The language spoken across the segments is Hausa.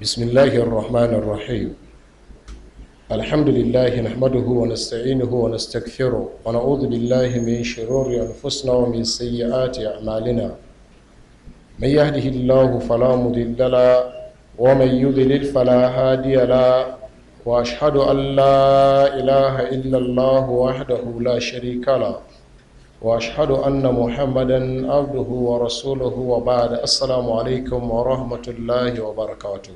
بسم الله الرحمن الرحيم الحمد لله نحمده ونستعينه ونستكثره ونعوذ بالله من شرور أنفسنا ومن سيئات أعمالنا من يهده الله فلا مضل له ومن يضلل فلا هادي له وأشهد أن لا إله إلا الله وحده لا شريك له واشهد ان محمدا عبده ورسوله وبعد السلام عليكم ورحمه الله وبركاته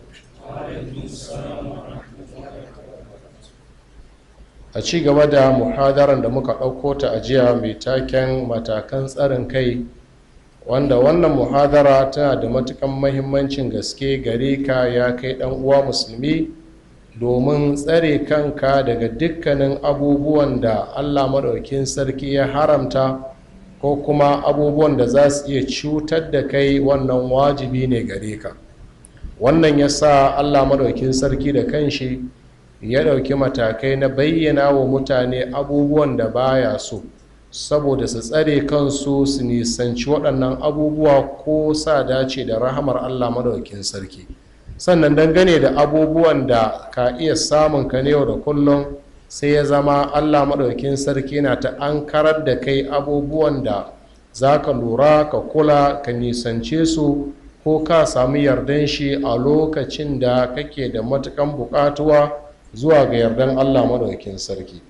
a ci gaba da muhadaran da muka ɗauko ta ajiya mai taken matakan tsarin kai wanda wannan muhadara tana da matukan mahimmancin gaske gare ka ya kai ɗan uwa musulmi domin tsare kanka daga dukkanin abubuwan da allah maɗaukin sarki ya haramta ko kuma abubuwan da za su iya cutar da kai wannan wajibi ne gare ka wannan ya sa allah maɗaukin sarki da kanshi ya ɗauki matakai na bayyana wa mutane abubuwan da baya so saboda su tsare kansu su nisanci waɗannan abubuwa ko sa dace da rahamar allah maɗaukin sarki sannan dangane da abubuwan da ka iya samun ka ne yau da kullum sai ya zama allah maɗaukin sarki na ta an karar da kai abubuwan da za ka lura ka kula ka nisance su ko ka sami yardan shi a lokacin da kake da matukan buƙatuwa zuwa ga yardan allah maɗaukin sarki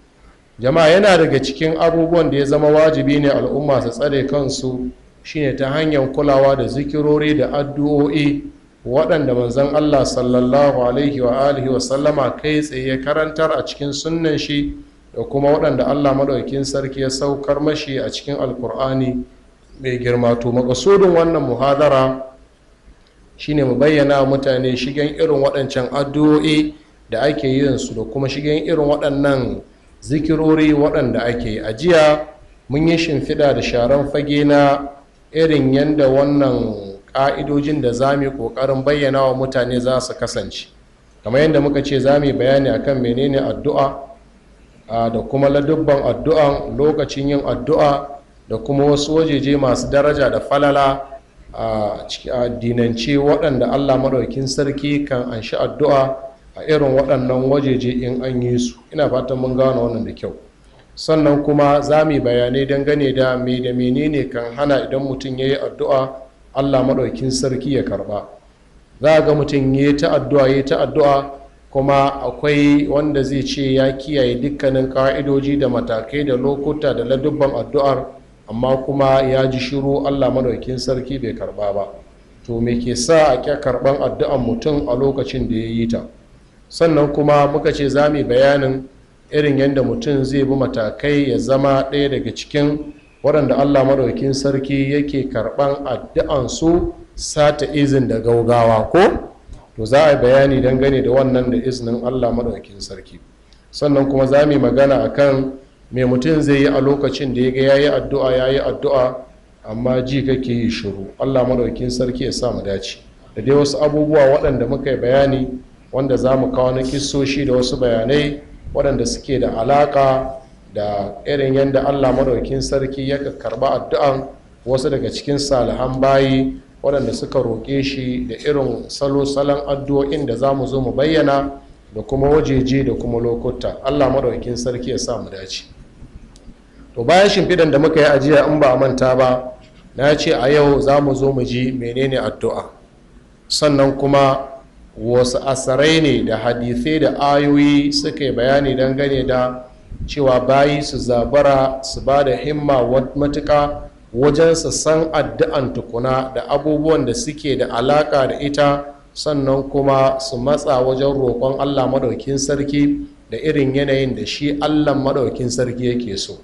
jama'a yana daga cikin abubuwan da ya zama wajibi ne al'umma su tsare kansu shine ta hanyar kulawa da zikirori da addu'o'i waɗanda manzon Allah sallallahu alaihi wa alihi wa sallama kai tsaye karantar a cikin sunnan shi da kuma waɗanda Allah maɗaukin sarki ya saukar mashi a cikin alkur'ani mai girma to makasudin wannan muhadara shine mu bayyana mutane shigen irin waɗancan addu'o'i da ake yin su da kuma shigen irin waɗannan zikirori waɗanda ake yi a jiya mun yi shimfiɗa da sharan fage na irin yadda wannan ƙa'idojin da za mu ƙoƙarin bayyana wa mutane za su kasance kamar yadda muka ce za mu bayani akan menene addu'a da kuma ladubban addu'a lokacin yin addu'a da kuma wasu wajeje masu daraja da falala a addinance waɗanda allah maɗaukin sarki kan anshi addu'a a irin waɗannan wajeje in an yi su ina fatan mun gane wannan da kyau sannan kuma za mu bayanai dangane da me da menene kan hana idan mutum ya yi addu'a allah maɗaukin sarki ya karɓa za ga mutum ya ta addu'a ya ta kuma akwai wanda zai ce ya kiyaye dukkanin ka'idoji da matakai da lokuta da ladubban addu'ar amma kuma ya ji shiru allah maɗaukin sarki bai karɓa ba to me ke sa a ƙi karɓan addu'ar mutum a lokacin da ya yi ta sannan kuma muka ce za mu bayanin irin yadda mutum zai bi matakai ya zama ɗaya daga cikin waɗanda allah maɗaukin sarki yake karɓan addu'ansu sata izin da gaugawa ko to za a yi bayani dangane da wannan da izinin allah maɗaukin sarki sannan kuma za mu magana a kan me mutum zai yi a lokacin da ya ga ya yi addu'a ya yi addu'a amma ji kake yi shiru allah maɗaukin sarki ya sa mu dace da dai wasu abubuwa waɗanda muka yi bayani wanda za mu kawo na kisoshi da wasu bayanai waɗanda suke da alaƙa da irin yadda allah madaukin sarki ya karba addu'an wasu daga cikin salihan bayi waɗanda suka roƙe shi da irin salo-salon addu'o'in da za mu zo mu bayyana da kuma wajeje da kuma lokuta allah madaukin sarki ya sa mu dace to bayan shimfidan da muka yi ajiya in ba a manta ba na ce a yau za mu zo mu ji menene addu'a sannan kuma wasu asarai ne da hadisai da ayoyi suka yi bayani dangane da cewa bayi su zabara su ba da himma matuƙa wajen su san addu'an tukuna da abubuwan da suke da alaƙa da ita sannan kuma su matsa wajen roƙon allah maɗaukin sarki da irin yanayin da shi allah maɗaukin sarki yake so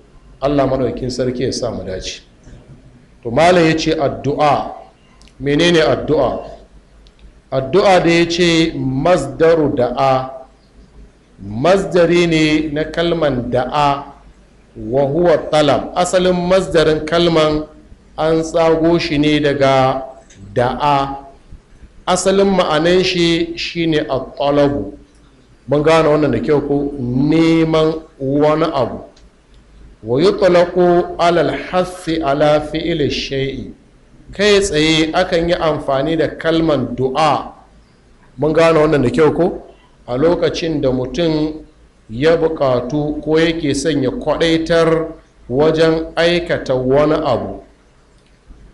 allah maɗaukin sarki ya sa mu dace to malam ya ce addu'a menene addu'a addu'a da ya ce masdaru da'a masdari ne na kalman da'a wa huwa talab asalin masdarin kalman an tsago shi ne daga da'a asalin ma'anan shi shine a talabu mun gane wannan da kyau ko neman wani abu wa yi talako alal hafi ala fi'il shai'i kai tsaye akan yi amfani da kalman du'a mun gane wannan da kyau ko a lokacin da mutum ya buƙatu ko yake sanya ya kwaɗaitar wajen aikata wani abu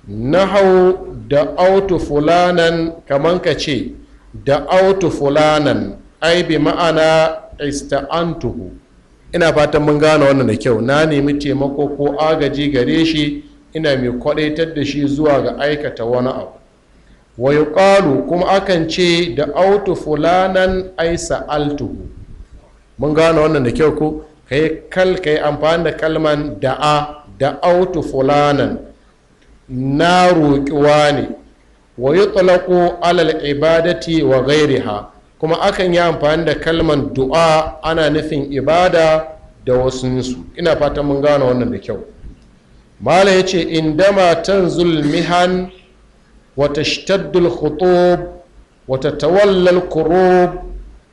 na hau da auto fulanan kamar ka ce da auto fulanan ai bi ma'ana ista'antuhu ina fatan mun gane wannan da kyau na nemi taimako ko agaji gare shi ina mai kwaɗaitar da shi zuwa ga aikata wani abu wa yuqalu kuma akan ce da autu fulanan ai sa'altuhu mun gano wannan da kyau ko kai kal kai amfani da kalman da'a da autu fulanan na roƙiwa ne wa yutlaqu alal ibadati wa ghairiha kuma akan yi amfani da kalman du'a ana nufin ibada da wasu wasunsu ina fata mun gano wannan da kyau mala ya ce indama tanzul mihan وتشتد الخطوب وتتولى الكروب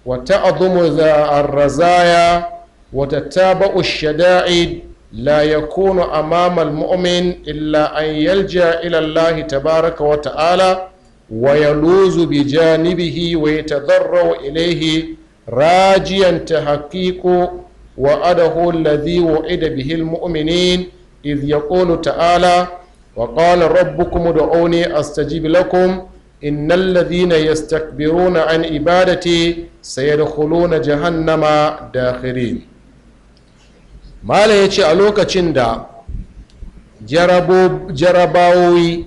وتعظم الرزايا وتتابع الشدائد لا يكون امام المؤمن الا ان يلجا الى الله تبارك وتعالى ويلوذ بجانبه ويتضرع اليه راجيا تحقيق وعده الذي وعد به المؤمنين اذ يقول تعالى wa qala rabbukum ud'uni astajib lakum innal ladhina yastakbiruna an ibadati sayadkhuluna jahannama Malam ya ce a lokacin da jarabawoyi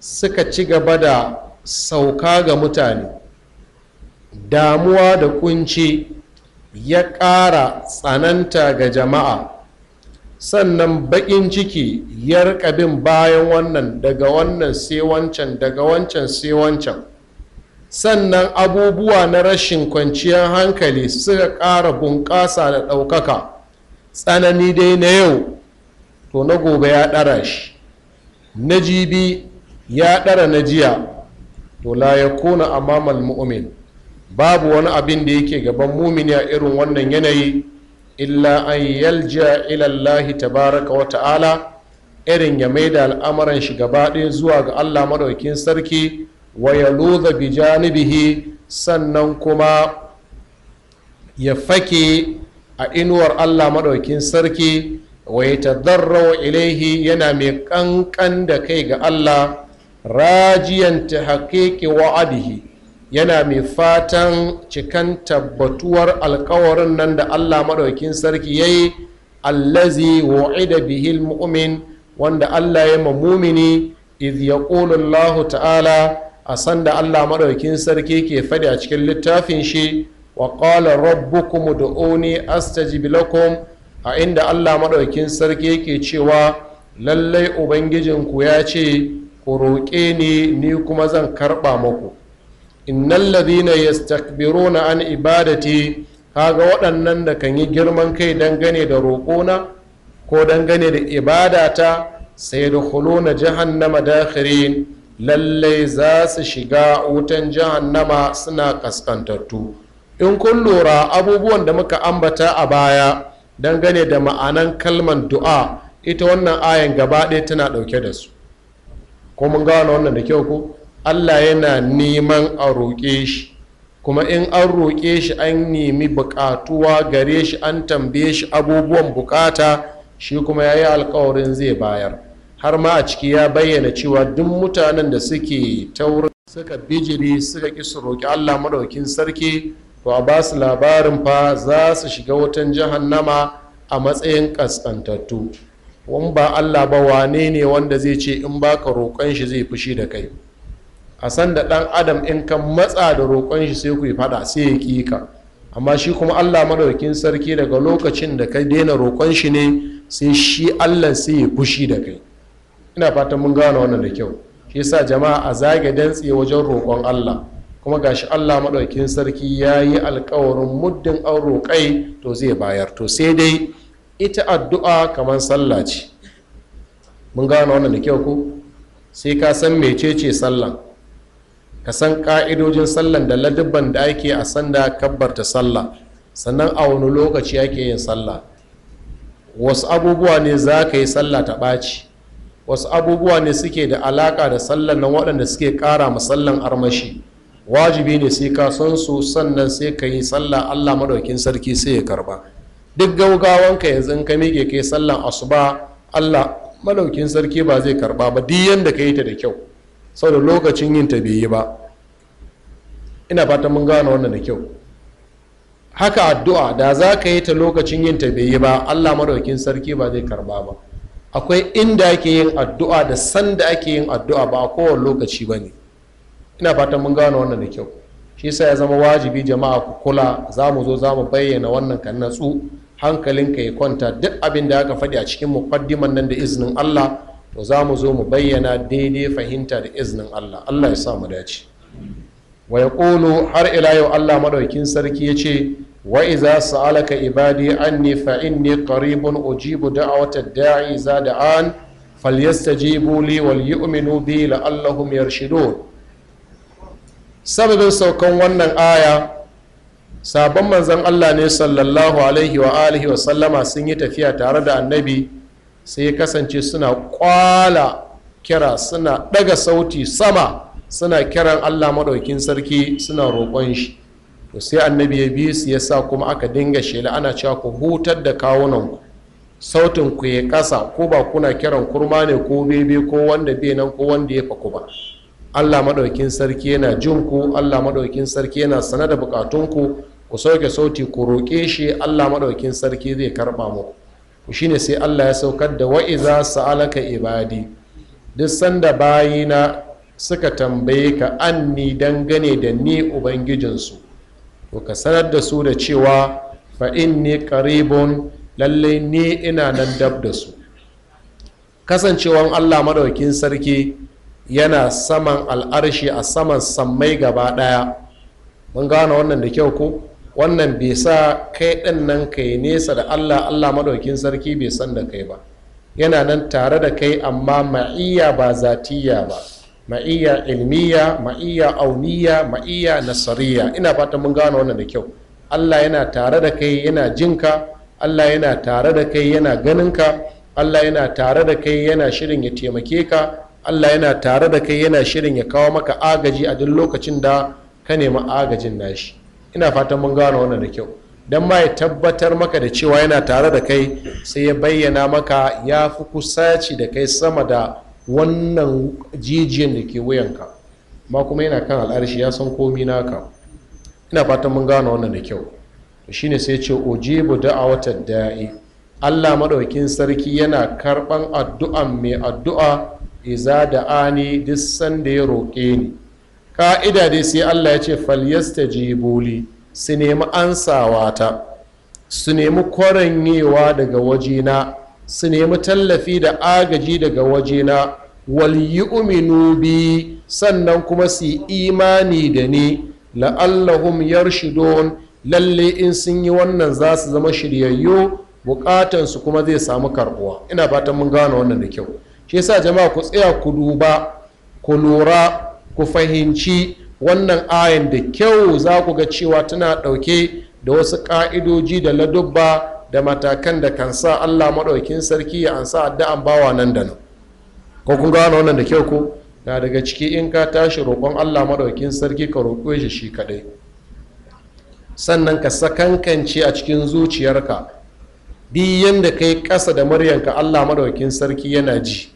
suka ci gaba da sauka ga mutane damuwa da ƙunci ya ƙara tsananta ga jama'a sannan baƙin ciki ya rika bin bayan wannan daga wannan sai wancan daga wancan sai wancan sannan abubuwa na rashin kwanciyar hankali suka ƙara bunƙasa da ɗaukaka tsanani dai na yau to na gobe ya ɗara shi na jibi ya ɗara na jiya to la ya kona amamal mu'min babu wani abin da yake gaban mumini a irin wannan yanayi illa an yalja ilallahi tabaraka wa ta'ala irin ya maida al'amuran shi gaba ɗaya zuwa ga allah maɗaukin sarki wa ya loza bi janibihi sannan kuma ya fake a inuwar allah maɗaukin sarki wa ya wa ilaihi yana mai ƙanƙan da kai ga allah rajiyan ta haƙiƙi wa'adihi yana mai fatan cikan tabbatuwar alkawarin nan da allah maɗaukin sarki ya yi allazi wa'ida bihil mu'min wanda allah ya ma mumini idh yaqulu ta'ala a sanda allah maɗaukin sarki ke faɗi a cikin littafin shi wa qala rabbukum ud'uni astajib lakum a inda allah maɗaukin sarki ke cewa lallai ubangijinku ya ce ku roƙe ni ni kuma zan karɓa muku innal ladina yastakbiruna an ibadati kaga waɗannan da kan yi girman kai dangane da roƙona ko dangane da ibadata sai da na jahannama dakhirin lallai za su shiga wutan jahannama suna kaskantattu in kun lura abubuwan da muka ambata a baya dangane da ma'anan kalman du'a ita wannan ayan gaba ɗaya tana ɗauke da su ko mun gano wannan da kyau ko allah yana neman a roƙe shi kuma in an roƙe shi an nemi buƙatuwa gare shi an tambaye shi abubuwan buƙata shi kuma ya yi alkawarin zai bayar har ma a ciki ya bayyana cewa duk mutanen da suke taurin suka bijiri suka ƙi su roƙi allah maɗaukin sarki to a ba su labarin fa za su shiga wutan jahannama a matsayin ƙasƙantattu wani ba allah ba wane ne wanda zai ce in baka roƙon shi zai fushi da kai a san da ɗan adam in ka matsa da roƙon shi sai ku yi faɗa sai ya ƙi ka amma shi kuma allah maɗaukin sarki daga lokacin da ka daina roƙon shi ne sai shi allah sai ya fushi da kai ina fatan mun gane wannan da kyau shi sa jama'a a zage dantse wajen roƙon allah kuma gashi allah maɗaukin sarki ya yi alkawarin muddin an roƙai to zai bayar to sai dai ita addu'a kamar sallah ce mun gane wannan da kyau ko sai ka san mecece sallah ka san ka'idojin sallan da ladubban da ake a sanda kabbarta sallah sannan a wani lokaci ake yin sallah wasu abubuwa ne za ka yi sallah ta ɓaci wasu abubuwa ne suke da alaƙa da sallan nan waɗanda suke ƙara ma sallan armashi wajibi ne sai ka san su sannan sai ka yi sallah allah maɗaukin sarki sai ya karba duk gaugawanka yanzu in ka miƙe kai sallan asuba allah maɗaukin sarki ba zai karba ba duk yanda ka yi ta da kyau saboda lokacin yin ta bai yi ba ina fata mun gano wannan da kyau haka addu'a da za ka yi ta lokacin yin ta bai yi ba allah maɗaukin sarki ba zai karba ba akwai inda ake yin addu'a da sanda ake yin addu'a ba a kowane lokaci ba ne ina fata mun gano wannan da kyau shi sa ya zama wajibi jama'a ku kula za mu zo za mu bayyana wannan kan natsu hankalinka ya kwanta duk abin da aka faɗi a cikin muqaddiman nan da izinin allah to za mu zo mu bayyana daidai fahimta da iznin Allah Allah ya sa mu dace wa yaqulu har ila yau Allah maɗaukin sarki yace wa idza sa'alaka ibadi anni fa inni qaribun ujibu da'wata da'i za da'an falyastajibu li wal yu'minu bi la'allahum yarshidun sababin saukan wannan aya sabon manzon Allah ne sallallahu alaihi wa alihi wa sallama sun yi tafiya tare da annabi sai ya kasance suna kwala kira suna daga sauti sama suna kiran allah maɗaukin sarki suna roƙon shi to sai annabi ya biyu su ya sa kuma aka dinga shela ana cewa ku hutar da kawunanku sautin ku ya ƙasa ko ba kuna kiran kurma ne ko bebe ko wanda bai nan ko wanda ya faku ba allah maɗaukin sarki yana jin ku allah maɗaukin sarki yana sana da buƙatunku ku sauke sauti ku roƙe shi allah maɗaukin sarki zai karɓa muku shine sai Allah ya saukar da wa'iza sa'alaka ibadi duk sanda bayina suka tambaye ka anni dangane da ni ubangijinsu to ka sanar da su da cewa fa inni qaribun lalle ni ina nan dab da su kasancewan Allah madaukin sarki yana saman al'arshi a saman sammai gaba daya mun gane wannan da kyau ko wannan bai sa kai ɗin nan ka yi nesa da allah allah maɗaukin sarki bai san da kai ba yana nan tare da kai amma ma'iyya ba zatiya ba ma'iyya ilmiya ma'iyya auniya ma'iyya nasariya ina fatan mun gano wannan da kyau allah yana tare da kai yana jinka allah yana tare da kai yana ganinka allah yana tare da kai yana shirin ya taimake ka allah yana tare da kai yana shirin ya kawo maka agaji a duk lokacin da ka nemi agajin nashi ina fatan mun gano wannan da kyau don ma ya tabbatar maka da cewa yana tare da kai sai ya bayyana maka ya fi kusaci da kai sama da wannan jijiyan da ke wuyanka ma kuma yana kan al'arshi ya san komi naka ina fatan mun gano wannan da kyau to shine sai ce da da'awatar da'i Allah madaukin sarki yana karɓan addu'an mai addu'a iza ane duk sanda ya roƙe ni ka'ida dai sai allah ya ce falyasta jibuli su nemi ansawa ta su nemi kwaranyewa daga wajena su nemi tallafi da agaji daga wajena walyi'uminu bi sannan kuma su yi imani da ni la'allahum yarshidun lalle in sun yi wannan za su zama shiryayyo, bukatansu kuma zai samu karbuwa ina fatan mun gane wannan da kyau shi yasa jama'a ku tsaya ku duba ku lura ku fahimci wannan ayan da kyau za ku ga cewa tana ɗauke da wasu ƙa'idoji da ladubba da matakan da kan sa allah maɗaukin sarki ya ansa addu'an bawa nan da nan ko kun gano wannan da kyau ko na daga ciki in ka tashi roƙon allah maɗaukin sarki ka roƙo shi shi kaɗai sannan ka sakankance a cikin zuciyarka duk yadda kai ƙasa da muryanka allah maɗaukin sarki yana ji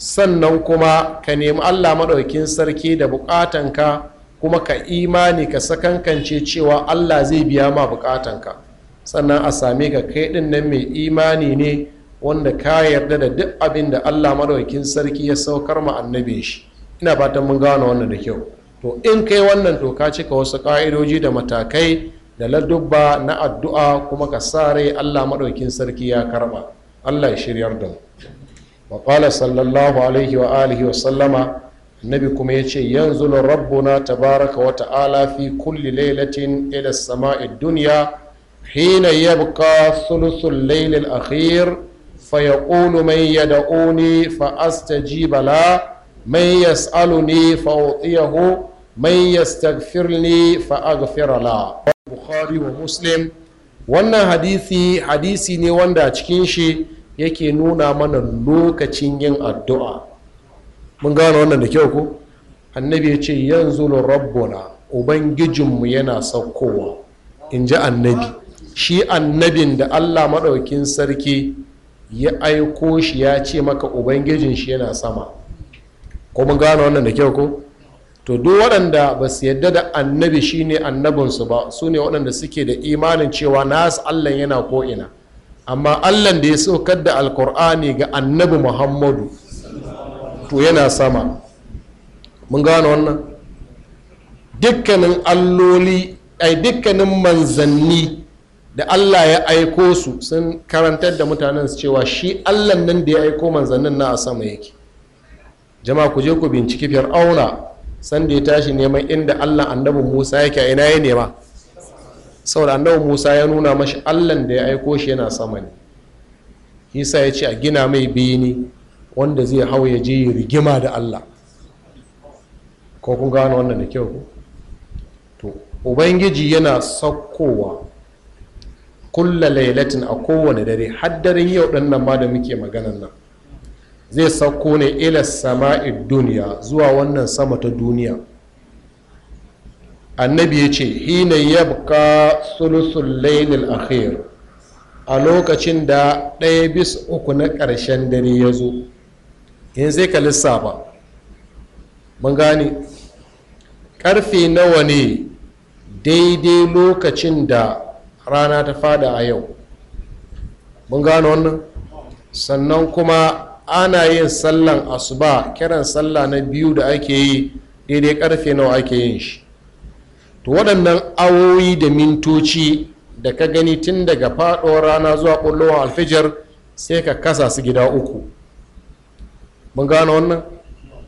sannan kuma ka nemi allah maɗaukin sarki da buƙatanka kuma ka imani ka sakankance cewa allah zai biya ma buƙatanka sannan a same ka kai ɗin nan mai imani ne wanda ka yarda da duk abin da allah maɗaukin sarki ya saukar ma annabi shi ina fatan mun gane wannan da kyau to in kai wannan to ka cika wasu ƙa'idoji da matakai da ladubba na addu'a kuma ka sa rai allah maɗaukin sarki ya karɓa allah ya shiryar da mu wa sallallahu alaihi wa wa sallama annabi kuma ya ce yanzu rabbuna baraka wata ala fi kulli lailatin ila sama'i dunya hina yabqa thuluthul layl al-akhir فيقول من يدعوني فأستجيب له من يسألني فأعطيه من يستغفرني فأغفر له البخاري ومسلم wannan hadisi hadisi ne wanda a cikin shi yake nuna mana lokacin yin addu'a mun gane wannan da kyau ko annabi ya ce yanzu rabbuna ubangijinmu yana saukowa in ji annabi shi annabin da allah maɗaukin sarki ya aiko shi ya ce maka ubangijin shi yana sama ko mun gane wannan da kyau ko to duk waɗanda ba su yadda da annabi shine annabinsu ba su ne waɗanda suke da imanin cewa nasu allah yana ko'ina amma allan da ya saukar da alkur'ani ga annabi muhammadu to yana sama mun gano wannan dukkanin alloli ai dukkanin manzanni da allah ya aiko su sun karantar da mutanen su cewa shi allan nan da ya aiko manzannin na a sama yake jama'a ku je ku binciki fir'auna sanda ya tashi neman inda allah Annabi musa yake a ina ya nema saboda annabi musa ya nuna mashi allan da ya aiko shi yana sama ne isa ya ce a gina mai bini wanda zai hau ya je rigima da allah ko kun gano wannan da kyau to ubangiji yana saukowa kulla lailatin a kowane dare haddarin yau ɗan nan ma da muke maganan nan zai sauko ne ila sama'id duniya zuwa wannan sama ta duniya annabi ya ce hina yabka sulusul lailil akhir a lokacin da ɗaya bis uku na ƙarshen dare ya zo yanzu zai ka lissafa mun gane ƙarfe nawa ne daidai lokacin da rana ta fada a yau mun gane wannan sannan kuma ana yin sallan asuba kiran sallah na biyu da ake yi daidai ƙarfe nawa ake yin shi to waɗannan awoyi da mintoci da ka gani tun daga faɗuwar rana zuwa ƙullowar alfijar sai ka kasa su gida uku mun gano wannan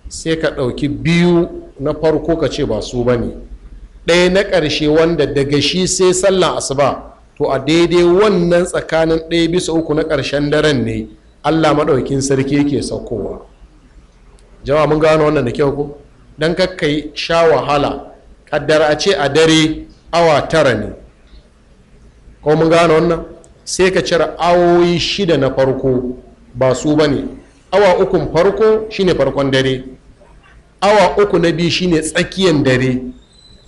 sai ka ɗauki biyu na farko ka ce ba su ba ne ɗaya na ƙarshe wanda daga shi sai sallan asuba to a daidai wannan tsakanin ɗaya bisa uku na ƙarshen daren ne allah maɗaukin sarki yake saukowa jama'a mun gano wannan da kyau ko don kakkai sha wahala kaddara a ce a dare awa tara ne ko mun gane wannan sai ka cire awoyi shida na farko ba su ba ne awa ukun farko shine farkon dare awa uku na biyu shine tsakiyan dare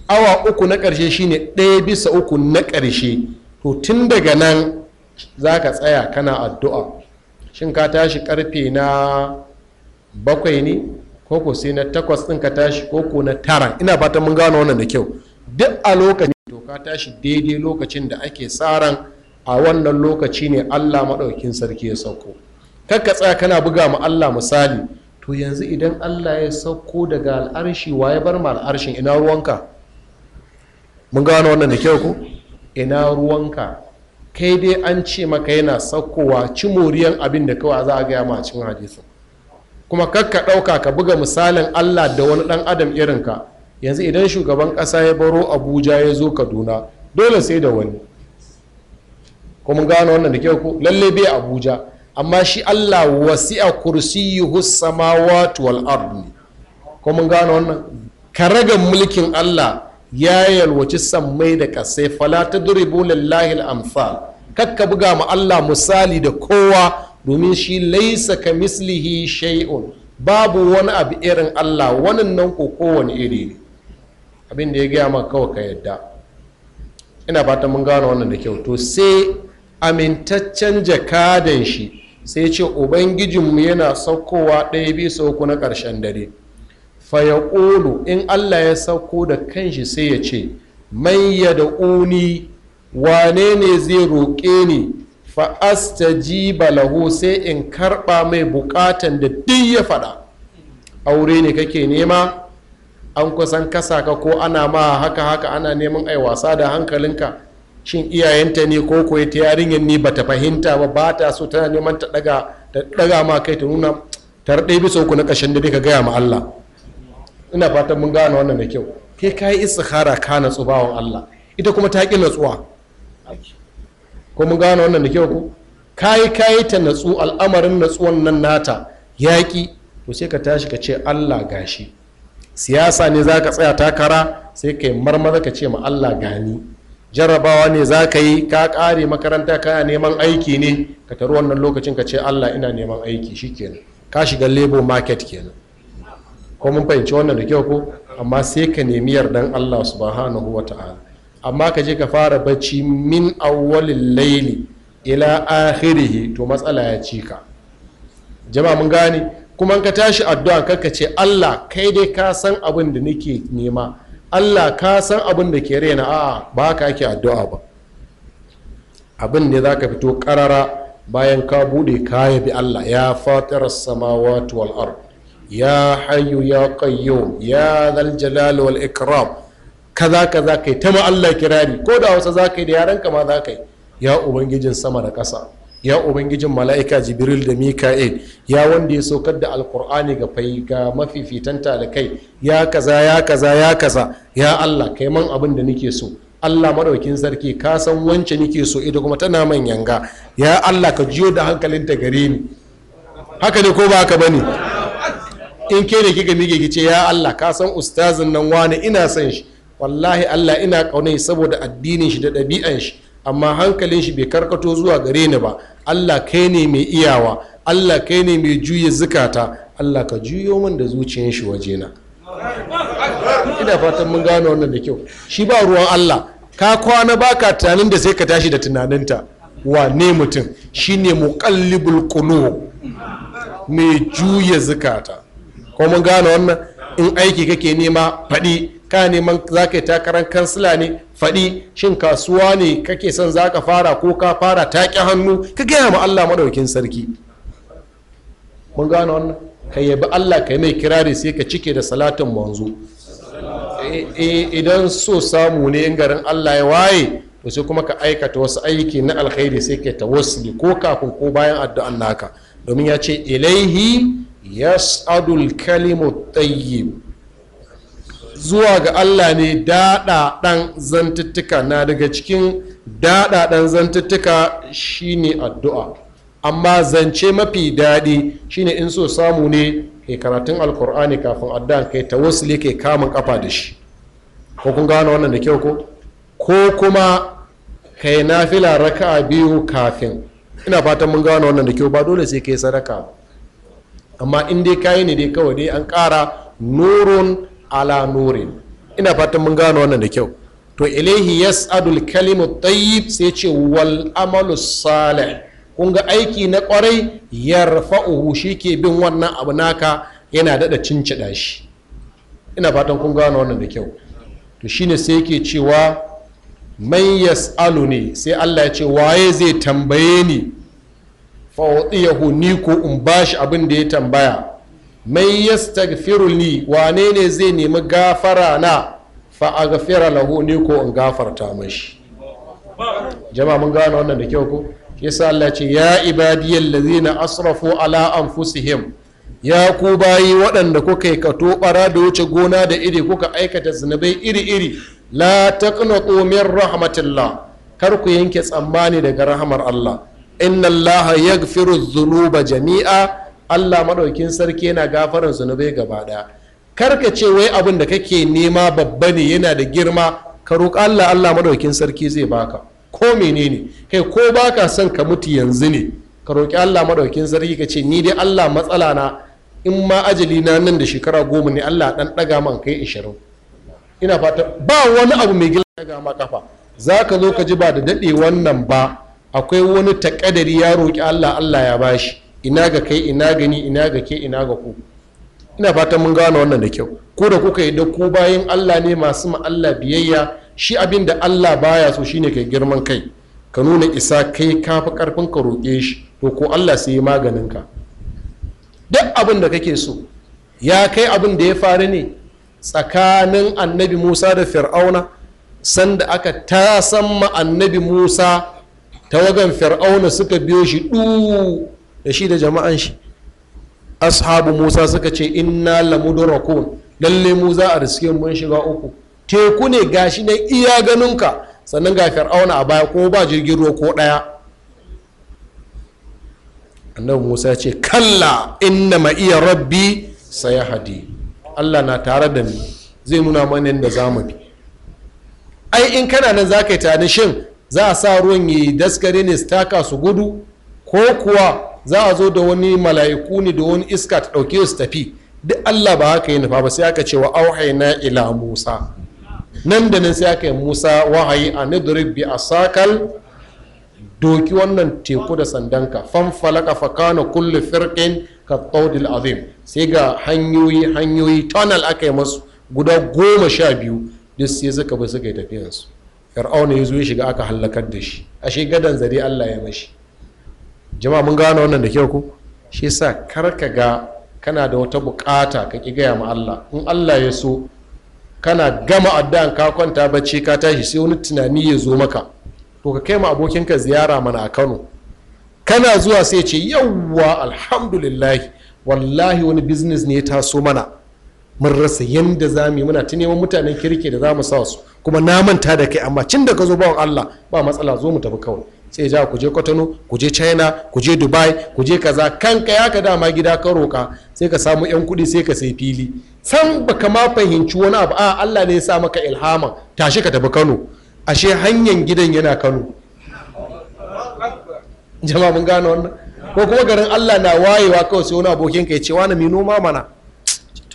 awa uku na ƙarshe shine ɗaya bisa uku na ƙarshe to tun daga nan za ka tsaya kana addu'a shin ka tashi ƙarfe na bakwai ne koko sai na takwas ɗin ka tashi koko na tara ina fatan mun gano wannan da kyau duk a lokacin to ka tashi daidai lokacin da ake tsaran a wannan lokaci ne allah maɗaukin sarki ya sauko ka tsaya kana buga ma allah misali to yanzu idan allah ya sauko daga al'arshi wa ya bar ma al'arshin ina ruwanka mun gano wannan da kyau ko ina ruwanka kai dai an ce maka yana saukowa ci moriyan abin da kawai za a gaya ma cin hadisin kuma kakka ɗauka ka buga misalin allah da wani ɗan adam irinka yanzu idan shugaban ƙasa ya baro abuja ya zo kaduna dole sai da wani kuma gano wannan da kyau ko lalle bai abuja amma shi allah wasi'a kursiyuhu samawati wal ardi kuma gano wannan karagan mulkin allah ya yalwaci sammai da kasai. fala ta duribu lillahi al-amsal kakka buga ma allah misali da kowa domin shi laisa ka mislihi shay'un babu wani abu irin Allah wannan nan ko kowane iri ne abin da ya gaya maka kawai ka yadda ina fata mun gano wannan da kyau to sai amintaccen jakadan shi sai ce ubangijinmu yana saukowa ɗaya biyu sauko na ƙarshen dare faya ƙolu in allah ya sauko da kanshi sai ya ce mai da uni wane ne zai roƙe ni fa ji balaho sai in karɓa mai buƙatan da duk ya faɗa aure ne kake nema an kusan kasa ka ko ana ma haka haka ana neman ai wasa da hankalinka shin iyayenta ne ko koyi ta yarinyar ne bata fahimta ba ba ta so tana neman ta daga ma kai ta nuna tarɗe bisa uku na ƙashin da ka gaya ma Allah ina fatan mun gane wannan da kyau kai ka yi istikhara kana tsubawan Allah ita kuma ta ƙi natsuwa ko mun gano wannan da kyau ko kayi kayi ta natsu al'amarin natsuwan nan nata yaƙi to sai ka tashi ka ce allah gashi siyasa ne za ka tsaya takara sai ka yi marmara ka ce ma allah gani jarabawa ne za ka yi ka ƙare makaranta kaya neman aiki ne ka taru wannan lokacin ka ce allah ina neman aiki shikenan ka shiga labor market kenan ko mun fahimci wannan da kyau ko amma sai ka nemi yardan allah subhanahu wa ta'ala amma ka je ka fara bacci min awwalin laili ila akhirihi to matsala ya ci ka jama'a mun gane kuma ka tashi addu'a karka ce Allah kai dai ka san abin da nake nema Allah ka san abin da ke raina a'a ba ka ake addu'a ba abin ne zaka fito karara bayan ka bude kaya bi Allah ya fatar samawati wal ard ya hayyu ya qayyum ya dhal jalali wal ikram kaza kaza kai ta ma Allah kirari ko da wasu za ka yi da yaranka ma za ka yi ya ubangijin sama da ƙasa ya ubangijin mala'ika jibril da mika'il ya wanda ya saukar da alkur'ani ga fai ga mafifitanta da kai ya kaza ya kaza ya kaza ya allah kai man abin da nake so allah madaukin sarki ka san wance nake so ita kuma tana man yanga ya allah ka jiyo da hankalinta gare ni haka ne ko ba haka bane in ke ne kika mige kice ya allah ka san ustazin nan wani ina son shi wallahi allah ina kaunai saboda addinin shi da ɗabi'an shi amma hankalin shi bai karkato zuwa gare ni ba allah kai ne mai iyawa allah kai ne mai juya zukata allah ka juyo min da zuciyan shi wajena ina fatan mun gano wannan da kyau shi ba ruwan allah ka kwana baka tunanin da sai ka tashi da tunaninta wane mutum shine muqallibul qulub mai juya zukata ko mun gane wannan in aiki kake nema faɗi ka neman za ka yi takarar kansila ne faɗi shin kasuwa ne kake son za ka fara ko ka fara taƙi hannu ka gaya ma allah maɗaukin sarki mun gane wannan ka yabi allah ka yi mai kirari sai ka cike da salatin manzo eh, eh, idan so samu ne in garin allah ya waye to sai kuma ka aikata wasu aiki na alkhairi sai ka tawassuli ko kafin ko bayan addu'an naka domin ya ce ilaihi yas'adul kalimu tayyib zuwa ga Allah ne daɗaɗan zantuttuka na daga cikin daɗaɗan zantuttuka shine addu'a amma zance mafi daɗi shine in so samu ne kai karatun alkur'ani kafin addu'a kai ta wasu kai kamun kafa da shi ko kun gano wannan da kyau ko ko kuma kai nafila raka'a biyu kafin ina fatan mun gano wannan da kyau ba dole sai kai sadaka amma in dai kayi ne dai kawai dai an ƙara nurun ala nurin ina fatan mun gano wannan da kyau to ilaihi yas'adul kalimu tayyib sai ce wal amalu salih kun ga aiki na kwarai yarfa'uhu shike bin wannan abu naka yana dada cincida shi ina fatan kun gano wannan da kyau to shine sai yake cewa man ne, sai Allah ya ce waye zai tambaye ni fa ni ko in bashi abin da ya tambaya mai yastaghfiru wane ne zai nemi gafara na fa lahu ni ko in gafarta mashi jama'a mun gane wannan da kyau ko sa Allah ce ya ibadiyal ladzina asrafu ala anfusihim ya ku bayi waɗanda kuka yi kato ɓara da wuce gona da iri kuka aikata zinabai iri-iri la taqnatu min rahmatillah kar ku yanke tsammani daga rahamar Allah inna Allah gafiru zunuba jami'a allah maɗaukin sarki yana gafaran zunubai gaba ɗaya karka ce wai abin da kake nema babba ne yana da girma ka roƙi allah allah maɗaukin sarki zai baka ko menene kai ko baka son ka mutu yanzu ne ka roƙi allah maɗaukin sarki ka ce ni dai allah matsala na in ma ajali na nan da shekara goma ne allah ɗan ɗaga man kai ishirin ina fata ba wani abu mai gina ɗaga ma kafa za ka zo ka ji ba da daɗe wannan ba akwai wani takadari ya roƙi allah allah ya bashi ina ga kai ina gani ina ga ke ina ga ku ina fatan mun gano wannan da kyau ko da kuka yi da ku bayan allah ne masu ma'alla biyayya shi abin da allah baya so shine kai girman kai ka nuna isa kai ka fi karfin ka roƙe shi to ko allah sai maganin ka duk abin da kake so ya kai abin da ya faru ne tsakanin annabi musa da fir'auna sanda aka tasan ma annabi musa tawagan fir'auna suka biyo shi ɗu da shi da jama'an shi ashabu musa suka ce inna lamudrakun lalle mu za a riske mun shiga uku teku ne gashi na iya ganinka sannan ga fir'auna a baya ko ba jirgin ruwa ko ɗaya annabi musa ya ce kalla inna ma iya rabbi sai hadi allah na tare da ni, zai nuna mana yadda za mu bi ai in kana nan za ka yi tani shin za a sa ruwan yi daskare ne su taka su gudu ko kuwa za a zo da wani mala'iku ne da wani iska ta ɗauke su tafi duk allah ba haka yi nufa ba sai aka ce wa na ila musa nan da nan sai aka yi musa wahayi a nidrib bi sakal doki wannan teku da sandanka fan falaka kana kullu firqin ka tawdil azim sai ga hanyoyi hanyoyi tunnel aka yi masu guda goma sha biyu duk sai suka bi suka yi tafiyansu fir'auna ya zo ya shiga aka hallakar da shi ashe gadan zare allah ya mashi jama'a mun gano wannan da kyau ko shi sa kar ka ga kana da wata bukata ka ki gaya ma Allah in Allah ya so kana gama addu'an ka kwanta bacci ka tashi sai wani tunani ya zo maka to ka kai ma abokinka ziyara mana a Kano kana zuwa sai ce yawwa alhamdulillah wallahi wani business ne ya taso mana mun rasa yadda za mu yi muna ta neman mutanen kirki da za mu sa su kuma na manta da kai amma cin da ka zo bawan Allah ba matsala zo mu tafi kawai sai ja ku je Kwatano ku je China ku je Dubai ku je kaza kanka ya ka dama gida ka roka sai ka samu yan kuɗi sai ka sai fili san baka ma fahimci wani abu a Allah ne ya sa maka ilhama tashi ka tafi Kano ashe hanyar gidan yana Kano jama'a mun gane wannan ko kuma garin Allah na wayewa kawai sai wani abokin ka ya ce wani mai noma mana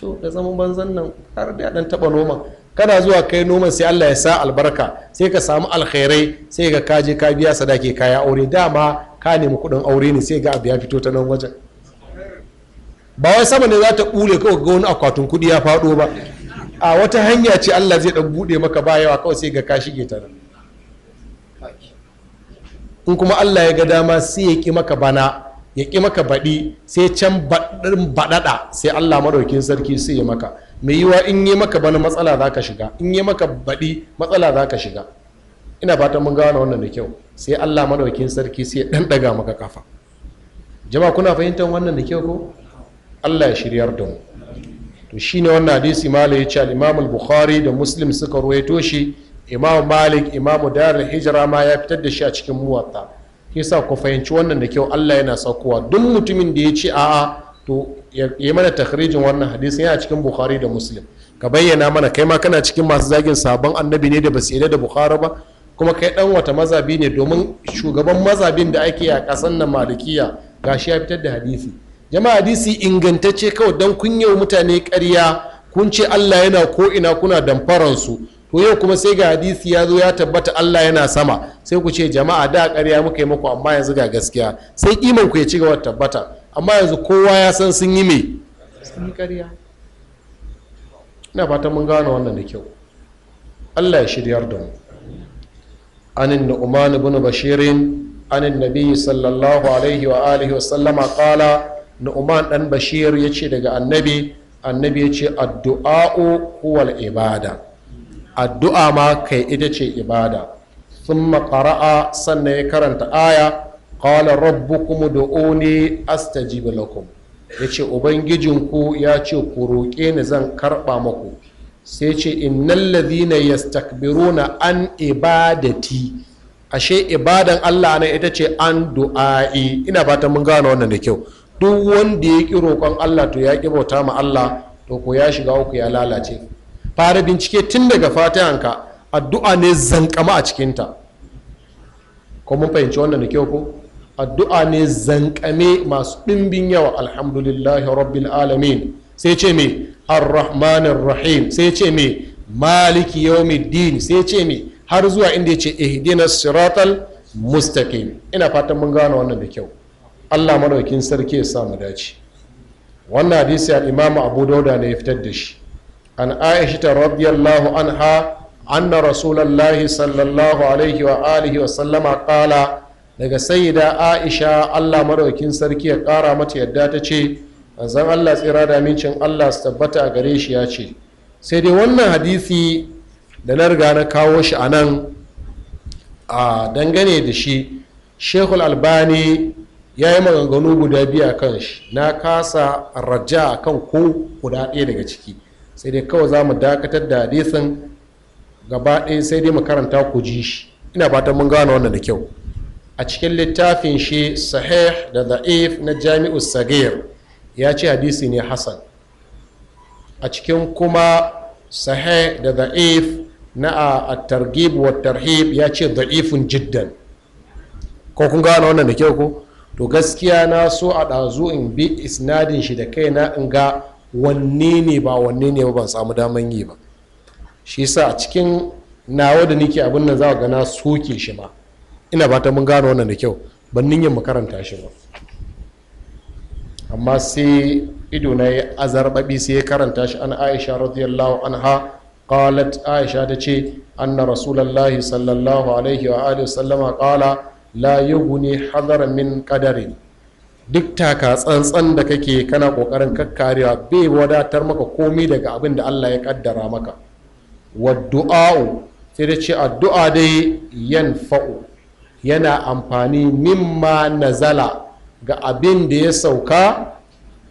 to da zaman banzan nan har da dan taba noma kana zuwa kai noman sai Allah ya sa albarka sai ka samu alkhairai sai ka kaje ka biya sadaki kaya aure dama ka nemi kudin aure ne sai ga abu ya fito ta nan wajen ba wai sama ne za ta bule kawai ga wani akwatin kudi ya fado ba a wata hanya ce Allah zai dan bude maka bayawa kawai sai ga ka shige ta nan in kuma Allah ya ga dama sai ya ki maka bana ya ƙi maka baɗi sai can baɗin baɗaɗa sai allah maɗaukin sarki sai ya maka mai yiwa in yi maka bana matsala za ka shiga in yi maka baɗi matsala za ka shiga ina fatan mun gano wannan da kyau sai allah maɗaukin sarki sai ya ɗan ɗaga maka kafa jama'a kuna fahimtar wannan da kyau ko allah ya shiryar da mu to shine wannan hadisi mala ya ce al-imam al-bukhari da muslim suka ruwaito shi imam malik imam darar hijra ma ya fitar da shi a cikin muwatta yasa ku fahimci wannan da kyau Allah yana saukowa duk mutumin da ya ce a'a to ya mana takhrijin wannan hadisin yana cikin Bukhari da Muslim ka bayyana mana kai ma kana cikin masu zagin sabon annabi ne da basu da Bukhari ba kuma kai dan wata mazabi ne domin shugaban mazabin da ake a kasan nan malikiya gashi ya fitar da hadisi jama'a hadisi ingantacce kawai dan kun yau mutane ƙarya kun ce Allah yana ko ina kuna su to yau kuma sai ga hadisi ya zo ya tabbata Allah yana sama sai ku ce jama'a da ƙarya muka yi muku amma yanzu ga gaskiya sai ƙimanku ku ya ci gaba tabbata amma yanzu kowa ya san sun yi me sun yi ƙarya ina fatan mun gane wannan da kyau Allah ya shiryar da mu anin da umar ibn bashirin anin nabi sallallahu alaihi wa alihi wa sallama qala nu'man ɗan bashir yace daga annabi annabi yace addu'a huwal ibada addu'a ma kai ita ce ibada sun qara'a sannan ya karanta aya qala rabbukum ud'uni astajib lakum yace ubangijinku ya ce ku roƙe ni zan karɓa maku sai ce innal ladhina yastakbiruna an ibadati ashe ibadan Allah na ita ce an du'a'i ina fata mun gane wannan da kyau duk wanda ya ƙi roƙon Allah to ya ƙi bauta ma Allah to ko ya shiga uku ya lalace fara bincike tun daga fatihanka addu'a ne zankama a cikinta ko mun fahimci wannan da kyau ko addu'a ne zankame masu ɗimbin yawa alhamdulillahi rabbil alamin sai ce me arrahmanir rahim sai ce me maliki yawmiddin sai ce me har zuwa inda yace ihdinas siratal mustaqim ina fatan mun gano wannan da kyau Allah madaukin sarki ya sa dace wannan hadisi al-Imam Abu Dauda ne ya fitar da shi an aisha radiyallahu anha anna rasulallahi sallallahu alaihi wa alihi wa sallama kala daga sayyida aisha allah maraukin sarki ya kara mata yadda ta ce zan allah tsira da amincin allah su tabbata a gare shi ya ce sai dai wannan hadisi da na riga na kawo shi a nan a dangane da shi shekul albani ya yi maganganu guda biyu a kan shi na kasa raja a kan ko guda ɗaya daga ciki sai dai kawai za mu dakatar da hadisin gaba ɗaya sai dai mu karanta ku ji shi ina fatan mun gane wannan da kyau a cikin littafin shi sahih da da'if na jami'u sagir ya ce hadisi ne hasan a cikin kuma sahih da da'if na a targib wa tarhib ya ce da'ifun jiddan ko kun gane wannan da kyau ko to gaskiya na so a ɗazu in bi isnadin shi da kaina in ga wanne ne ba wanne ne ba ban samu daman yi ba shi sa a cikin nawa da nake abin nan za ga na soke shi ma ina ta mun gano wannan da kyau ban yin mu karanta shi ba amma sai ido na ya azarbabi sai ya karanta shi an aisha radiyallahu anha qalat aisha ta ce anna rasulullahi sallallahu alaihi wa alihi wasallama qala la yughni hadar min qadarin duk taka tsantsan da kake kana kokarin kakkarewa bai wadatar maka komai daga abin da Allah ya kaddara maka wa du'a'u sai da ce addu'a dai yanfa'u yana amfani mimma nazala ga abin da ya sauka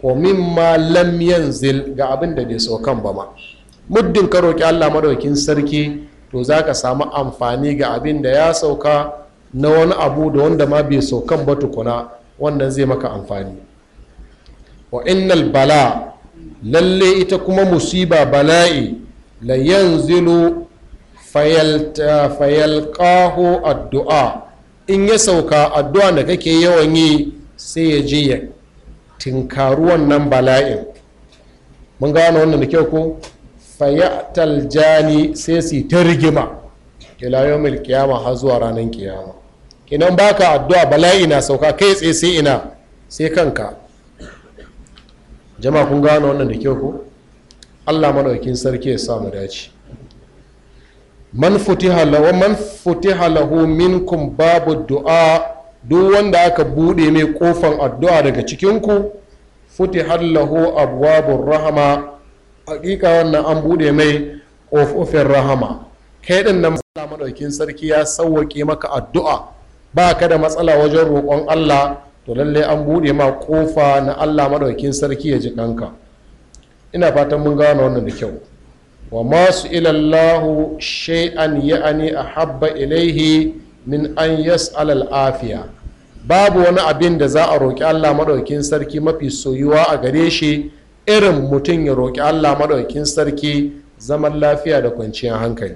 ko mimma lam yanzil ga abin da bai saukan ba ma muddin ka roki Allah madaukin sarki to zaka samu amfani ga abin da ya sauka na wani abu da wanda ma bai saukan ba tukuna wannan zai maka amfani wa innal bala lalle ita kuma musiba bala'i la yanzilu fayalqahu addu'a in ya sauka addu'a da kake yawan yi sai ya je ya tinkaru wannan bala'in mun gano wannan da kyau ko fayatal jani sai su ta rigima ila yawmil qiyama har zuwa ranar kiyama ba baka addu'a bala'i na sauka kai tsaye sai ina sai kanka jama'a kun gano wannan da kyau ko Allah madaukakin sarki ya sa mu dace man futiha lahu man futiha lahu minkum babu du'a duk wanda aka bude mai kofan addu'a daga cikin ku futiha lahu abwabur rahama hakika wannan an bude mai kofofin rahama kai din nan Allah madaukakin sarki ya sauwake maka addu'a ba ka da matsala wajen roƙon allah to lallai an buɗe ma ƙofa na allah maɗaukin sarki ya ji ɗanka ina fatan mun gano wannan da kyau wa masu ilallahu shay'an ya'ani a habba ilaihi min an yas'al al'afiya babu wani abin da za a roƙi allah maɗaukin sarki mafi soyuwa a gare shi irin mutum ya roƙi allah maɗaukin sarki zaman lafiya da kwanciyar hankali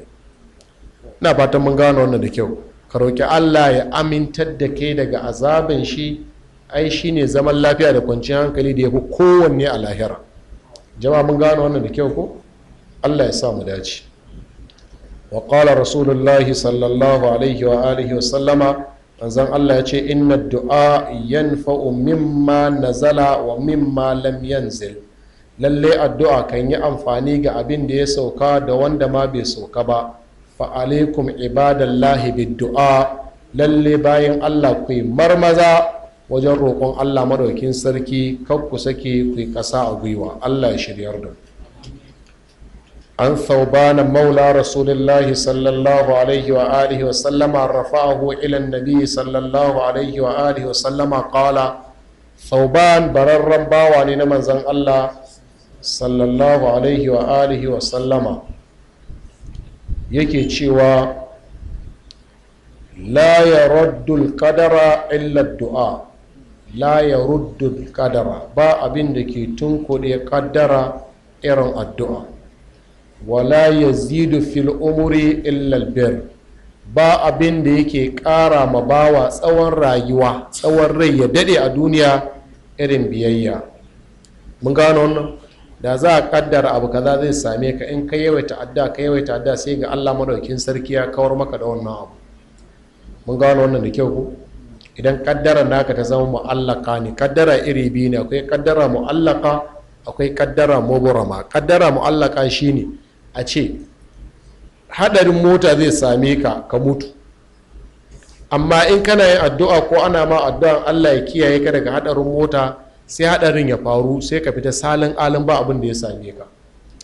ina fatan mun gano wannan da kyau ka roƙi allah ya amintar da kai daga azabin shi ai shi ne zaman lafiya da kwanciyar hankali da ya fi kowanne a lahira jama'a mun gano wannan da kyau ko allah ya sa mu dace wa qala rasulullahi sallallahu alaihi wa alihi wa sallama manzon allah ya ce inna du'a yanfa'u mimma nazala wa mimma lam yanzil lalle addu'a kan yi amfani ga abin da ya sauka da wanda ma bai sauka ba fa alaikum ibadallahi biddu'a lalle bayan Allah ku marmaza wajen roƙon Allah madaukin sarki kar ku sake ku yi ƙasa a gwiwa Allah ya shiryar da an thaubanan maula rasulullahi sallallahu alaihi wa alihi wa sallama rafa'ahu ila nabi sallallahu alaihi wa alihi wa sallama qala thauban bararren bawa ne na manzon Allah sallallahu alaihi wa alihi wa sallama yake cewa la ya raddul kadara illa du'a la ya raddul kadara ba abin da ke tunkuɗe kadara irin addu'a wala ya zidu fil umuri illa bir ba abin da yake ƙara ma bawa tsawon rayuwa tsawon rai ya daɗe a duniya irin biyayya mun gano wannan da za a kaddara abu kaza zai same ka in ka yawaita ta'adda ka yawaita ta'adda sai ga Allah madaukin sarki ya kawar maka da wannan abu mun gano wannan da kyau ko idan kaddara naka ta zama mu'allaka ne kaddara iri biyu ne akwai kaddara mu'allaka akwai kaddara muburama kaddara mu'allaka shine a ce hadarin mota zai same ka ka mutu amma in kana yin addu'a ko ana ma addu'a, Allah ya kiyaye ka daga hadarin mota sai haɗarin ya faru sai ka fita salin alin ba abin da ya same ka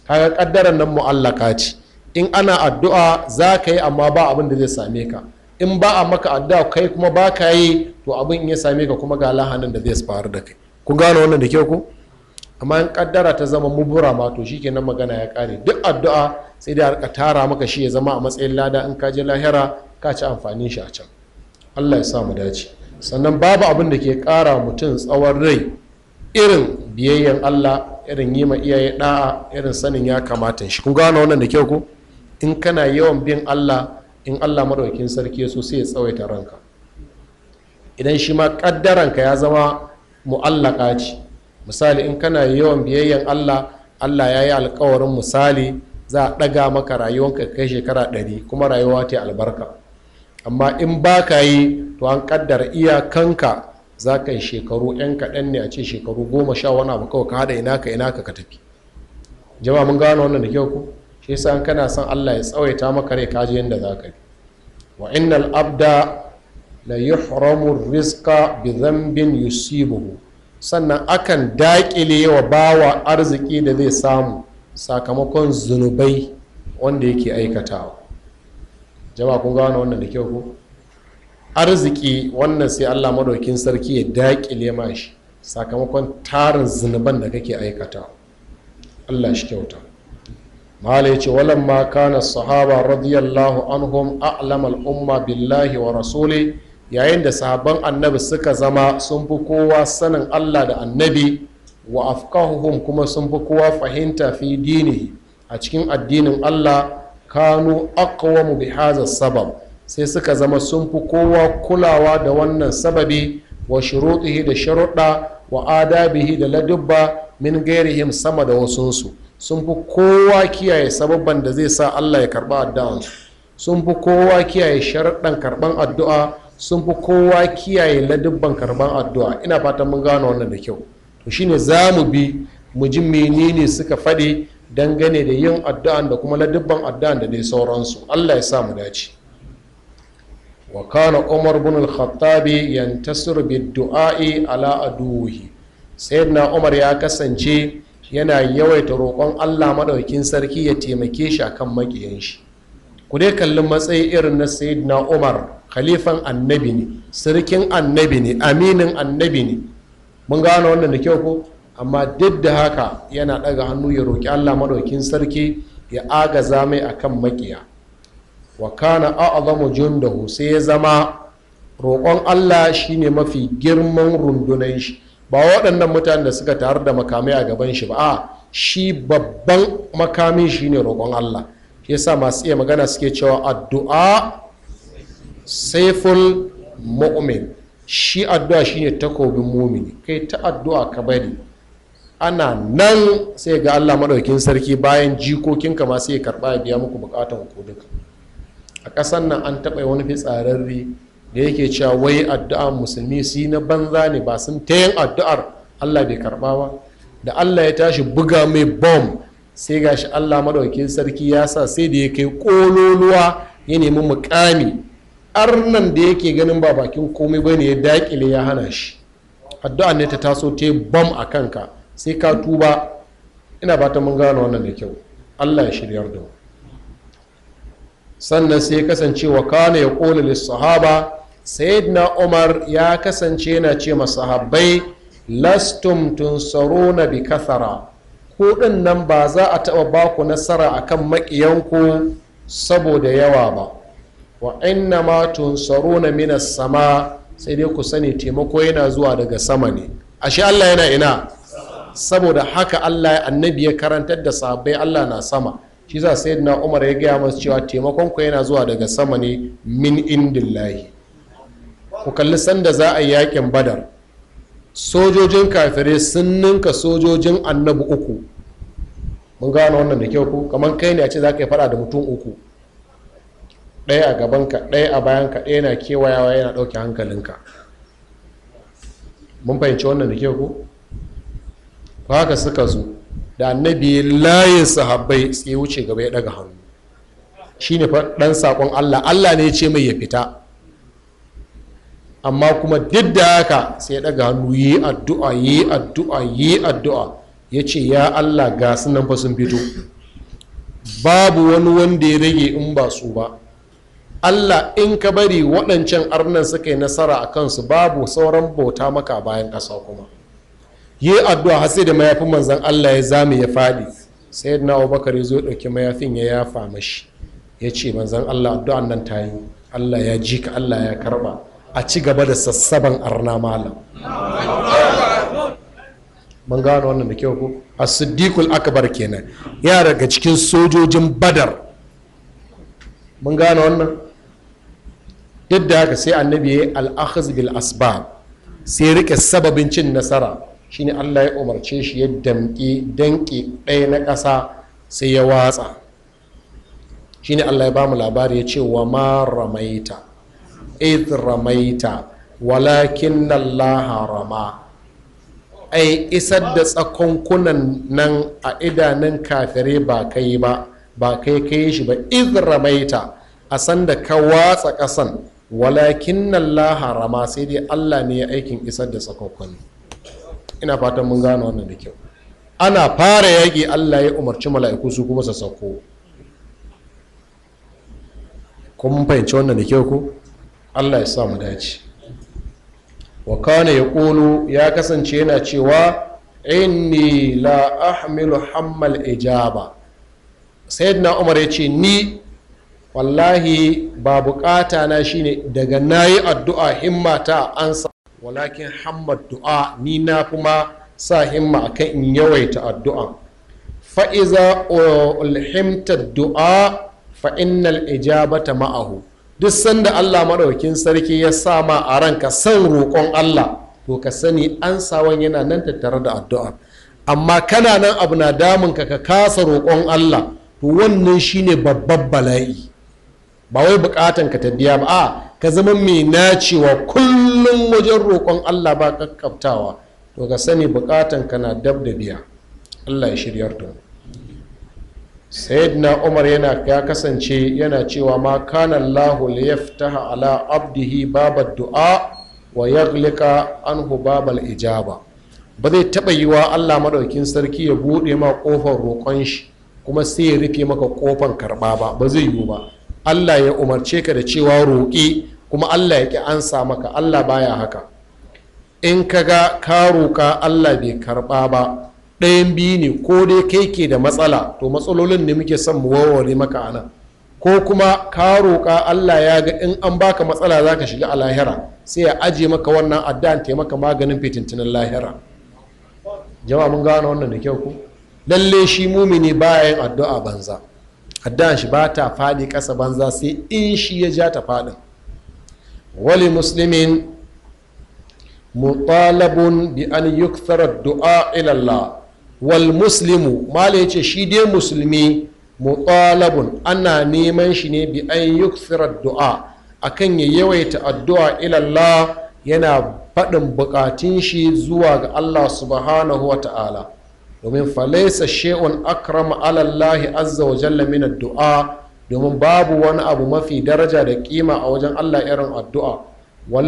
kaga ƙaddarar nan mu'allaka ce in ana addu'a za ka yi amma ba abin da zai same ka in ba a maka addu'a kai kuma ba ka yi to abin ya same ka kuma ga lahanin da zai faru da kai kun gano wannan da kyau ko amma in kaddara ta zama mubura ma to shikenan magana ya kare duk addu'a sai da ka tara maka shi ya zama a matsayin lada in ka je lahira ka ci amfanin shi a can Allah ya sa mu dace sannan babu abin da ke kara mutum tsawon rai irin biyayyen Allah irin yi ma iyaye da'a irin sanin ya kamata shi kun gano wannan da kyau ko in kana yawan bin Allah in Allah madaukakin sarki so sai ya tsawaita ranka idan shi ma kaddaranka ya zama mu'allaka ce misali in kana yawan biyayyen Allah Allah ya yi alkawarin misali za a ɗaga maka rayuwanka kai shekara ɗari kuma rayuwa ta albarka amma in ba ka yi to an ƙaddara iyakanka za ka yi shekaru 'yan kaɗan ne a ce shekaru goma sha wani abu kawai ka haɗa ina ka ina ka tafi jama'a mun gano wannan da kyau ku shi yasa kana son Allah ya tsawaita maka rai ka je yanda za ka yi wa innal abda la yuhramu rizqa bi dhanbin yusibuhu sannan akan daƙile wa bawa arziki da zai samu sakamakon zunubai wanda yake aikatawa jama'a kun gano wannan da kyau ku arziki wannan sai allah madaukin sarki ya daƙile ma shi sakamakon tarin zunuban da kake aikata allah shi kyauta mahala ce walan ma kana sahaba radiyallahu anhum a'lam al'umma billahi wa rasuli yayin da sahabban annabi suka zama sun fi kowa sanin allah da annabi wa afkahuhum kuma sun fi kowa fahimta fi dini a cikin addinin allah kanu aqwamu bi sabab sai suka zama sun fi kowa kulawa da wannan sababi wa shurutihi da sharuɗa wa adabihi da ladubba min gairihim sama da wasunsu sun fi kowa kiyaye sababban da zai sa allah ya karɓa addu'ansu sun fi kowa kiyaye sharuɗan karɓan addu'a sun fi kowa kiyaye ladubban karɓan addu'a ina fatan mun gano wannan da kyau to shine za mu bi mu ji menene suka faɗi dangane da yin addu'an da kuma ladubban addu'an da dai sauransu allah ya sa mu dace wa kana umar bin al-khattab yantasir bid ala aduhi sayyidina umar ya kasance yana yawaita roƙon Allah maɗaukin sarki ya taimake shi akan makiyan shi ku dai kallin matsayi irin na sayyidina umar khalifan annabi ne sirkin annabi ne aminin annabi ne mun gano wannan da kyau ko amma duk da haka yana ɗaga hannu ya roƙi Allah maɗaukin sarki ya agaza mai akan makiya wa kana a'zamu jundahu sai ya zama roƙon Allah shine mafi girman rundunan shi ba waɗannan mutanen da suka tare da makamai a gaban shi ba a shi babban makamin shine roƙon Allah shi yasa masu iya magana suke cewa addu'a saiful mu'min shi addu'a shine takobin mumini kai ta addu'a ka bari ana nan sai ga Allah maɗaukin sarki bayan jikokinka ma sai ya karɓa ya biya muku bukatan ku duka a ƙasar nan an taɓa wani fitsararri da yake cewa wai addu'ar musulmi su na banza ne ba sun ta yin addu'ar allah bai karɓa ba da allah ya tashi buga mai bom sai gashi allah madaukin sarki ya sa sai da ya kai ƙololuwa ya nemi mukami arnan da yake ganin ba bakin komai ne ya daƙile ya hana shi addu'a ne ta taso ta yi bom a kanka sai ka tuba ina ta mun gano wannan da kyau allah ya shiryar da mu sannan sai kasance wa kana ya ƙone lissahaba sayyidina umar ya kasance yana ce masahabbai lastum na bi kathara kuɗin nan ba za a taɓa ba ku nasara a kan maƙiyanku saboda yawa ba wa inna ma na minas sama sai dai ku sani taimako yana zuwa daga sama ne ashe Allah yana ina saboda haka Allah annabi ya karantar da sahabbai Allah na sama shi sa sayyidina umar ya gaya masu cewa taimakon ku yana zuwa daga sama ne min indillahi ku kalli sanda za a yi yakin badar sojojin kafirai sun ninka sojojin annabi uku mun gano wannan da kyau ku. kamar kai ne a ce za ka yi fada da mutum uku ɗaya a gabanka ɗaya a bayanka ɗaya na kewayawa yana ɗauke hankalinka mun fahimci wannan da kyau Ku haka suka zo da annabi layin sahabbai sai wuce gaba ya daga hannu Shi ne dan sakon Allah Allah ne ya ce mai ya fita amma kuma duk da haka sai ya daga hannu yi addu'a yi addu'a yi addu'a ya ce ya Allah ga sunan fa sun fito babu wani wanda ya rage in ba su ba Allah in ka bari waɗancan arnan suka yi nasara a kansu babu sauran bauta maka bayan ƙasa kuma yi addu'a har sai da mayafin manzan Allah ya zame ya fadi sai na Abubakar ya zo dauki mayafin ya yafa mashi ya ce manzan Allah addu'an nan ta yi Allah ya ji ka Allah ya karba a ci gaba da sassaban arna malam mun gano wannan da kyau ko as-siddiqul akbar kenan ya daga cikin sojojin badar mun gano wannan duk da haka sai annabi ya yi al bil asbab sai rike sababin cin nasara shine allah ya umarce shi ya damƙi danƙi ɗaya na ƙasa sai ya watsa shine allah ya ba mu labari ya ce wa ma ramaita id ramaita walakin allaha rama ai isar da tsakonkunan nan a idanun kafire ba kai ba ba kai kai shi ba id ramaita a sanda ka watsa ƙasan walakin allaha rama sai dai allah ne ya aikin isar da tsakonkunan ina fatan mun gano wannan da kyau ana fara yaƙi allah ya umarci mala'iku su kuma su sauko mun fahimci wannan da kyau ku allah ya sa mu dace wa kana ya kulu ya kasance yana cewa inni la ahmilu hammal ijaba sayyidina umar ya ce ni wallahi ba bukata na shine daga nayi addu'a himmata an walakin hammad du'a ni na kuma sa himma akan in yawaita addu'a fa'iza ulhimta du'a fa ijabata ma'ahu duk sanda Allah maɗaukin sarki ya sa ma a ranka san roƙon Allah to ka sani an sawan yana nan tattare da addu'a amma kana nan abu na damun ka ka kasa roƙon Allah to wannan shine babban bala'i ba wai bukatan ka ta biya ba a ka zama mai nacewa kullum wajen roƙon allah ba kakkaftawa to ka sani bukatan ka na dab da biya allah ya shiryar da sayyidina umar yana ya kasance yana cewa ma kana allahu yaftaha ala abdihi babar du'a wa yaglika anhu babal ijaba ba zai taɓa yi wa allah maɗaukin sarki ya buɗe ma ƙofan roƙon shi kuma sai ya rufe maka ƙofan karɓa ba ba zai yiwu ba allah ya umarce ka da cewa roƙi kuma allah ya ƙi ansa maka allah baya haka in ka ga ka roƙa allah bai karɓa ba ɗayan biyu ne ko dai kai ke da matsala to matsalolin ne muke son mu warware maka anan ko kuma ka roƙa allah ya ga in an baka matsala za ka shiga a lahira sai ya aje maka wannan addan taimaka maganin fitintinin lahira jama'a mun gano wannan da kyau ku lalle shi mumini yin addu'a banza addan shi ba ta faɗi ƙasa banza sai in shi ya ja ta faɗin wali muslimin mutalabun bi an yukthara du'a ilalla, wal muslimu mala yace shi dai musulmi mutalabun ana neman shi ne bi an yukthara du'a akan ya yawaita addu'a ilallah yana faɗin bukatun shi zuwa ga Allah subhanahu wa ta'ala domin falaisa she'un akrama alallahi azza wa jalla min addu'a domin babu wani abu mafi daraja da kima a wajen Allah irin addu'a wa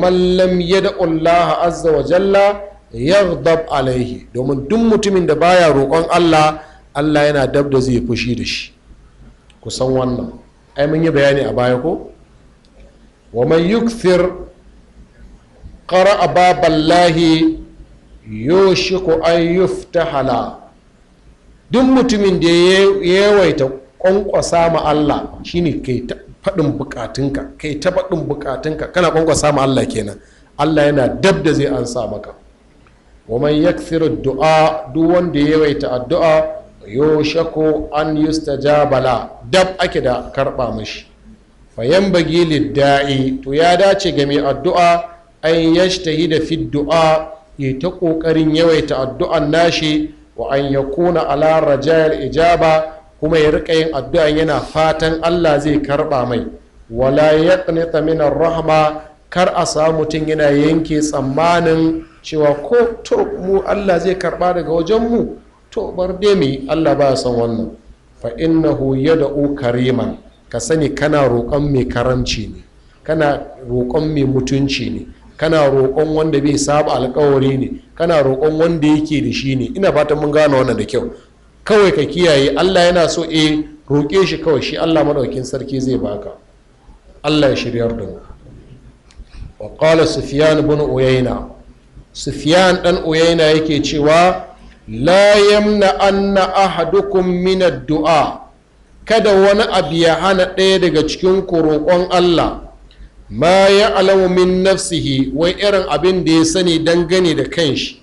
man lam yad'ullaha azza wa jalla yaghdab alayhi, domin duk mutumin da baya roƙon Allah Allah yana dab da zai fushi da shi Ku san wannan ai mun yi bayani a baya ko wa man yukthir qara'a baballahi yoshiku an yuftahala duk mutumin da ya yawaita kwankwasa ma Allah shine kai ta faɗin bukatunka kai ta faɗin bukatunka kana kwankwasa ma Allah kenan Allah yana dab da zai ansa maka wa man yakthiru du'a duk wanda ya yawaita addu'a yoshaku an yustajabala dab ake da karɓa mashi fayan bagi lidda'i to ya dace ga mai addu'a an yashtahi da fi yi ta ƙoƙarin yawaita addu'an nashi wa an ya kuna ala rajayar ijaba kuma ya riƙa yin addu'an yana fatan allah zai karɓa mai wala ya tsanita minar rahama kar a samu mutum yana yanke tsammanin cewa ko to mu allah zai karɓa daga wajen mu to bar dai mu allah ba san wannan fa innahu yad'u kariman ka sani kana roƙon mai karamci ne kana roƙon mai mutunci ne kana roƙon wanda bai saba alƙawari ne kana roƙon wanda yake da shi ne ina fatan mun gane wannan da kyau kawai ka kiyaye allah yana so e roƙe shi kawai shi allah maɗaukin sarki zai baka allah ya shiryar da mu wa qala sufyan ibn uyayna sufyan dan yake cewa la yamna anna ahadukum min ad-du'a kada wani abu ya hana ɗaya daga cikin ku roƙon allah ma ya alamu min nafsihi wai irin abin da ya sani dangane da kanshi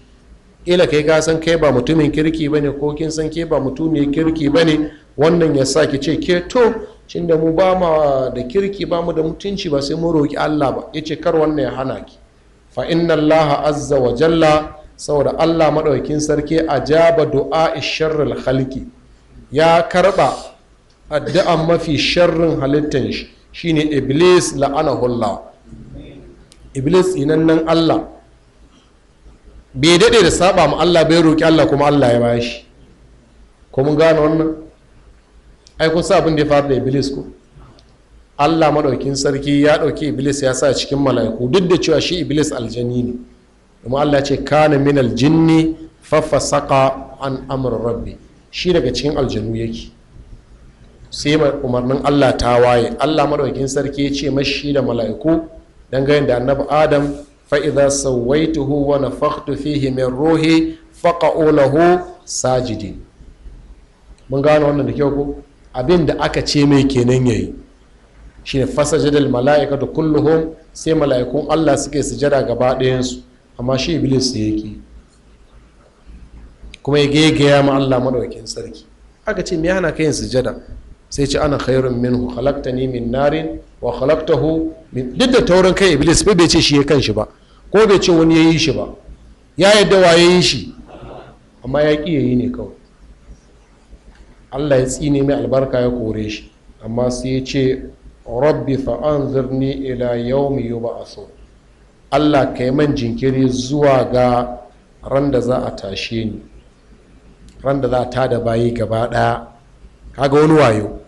ila kai ka san kai ba mutumin kirki bane ko kin san kai ba mutumin kirki bane wannan ya sa ki ce ke to shin da mu ba ma da kirki ba mu da mutunci ba sai mu roki Allah ba yace kar wannan ya hana ki fa inna Allah azza wa jalla saboda Allah madaukakin sarki ajaba du'a sharril khalqi ya karba addu'an mafi sharrin halittan shi shine iblis la'anahullah iblis nan allah bai daɗe da saba ma allah bai roƙi allah kuma allah ya bashi ko mun gane wannan ai kun sa abin da ya faru da iblis ko allah maɗaukin sarki ya ɗauki iblis ya sa cikin mala'iku duk da cewa shi iblis aljani ne kuma allah ce kana min aljinni faffasaka an amur rabbi shi daga cikin aljanu yake sai mai umarnin allah ta waye allah madaukin sarki ya ce mashi da mala'iku dangane da annabi adam fa'iza sawaituhu wa nafakhtu fihi min ruhi faqa'u lahu sajidin mun gano wannan da kyau ko abin da aka ce mai kenan yayi shine al mala'ikatu kulluhum sai mala'ikun Allah suke sujada gaba su amma shi iblis ya yake kuma ya gegaya ma Allah madaukakin sarki aka ce me yana kai sujada sai ce ana khairun minhu ni min narin wa khalaqtahu hu duk da taurin kai iblis bai bai ce shi ya shi ba ko bai ce wani ya yi shi ba ya yadda wa yi shi amma ya ƙi ya yi ne kawai Allah ya tsine mai albarka ya kore shi amma sai ya ce rabbi fa zirni ila a so Allah kai man jinkiri zuwa ga ran da za a tashe ni ran da za a tada bayi gaba ɗaya kaga wani wayo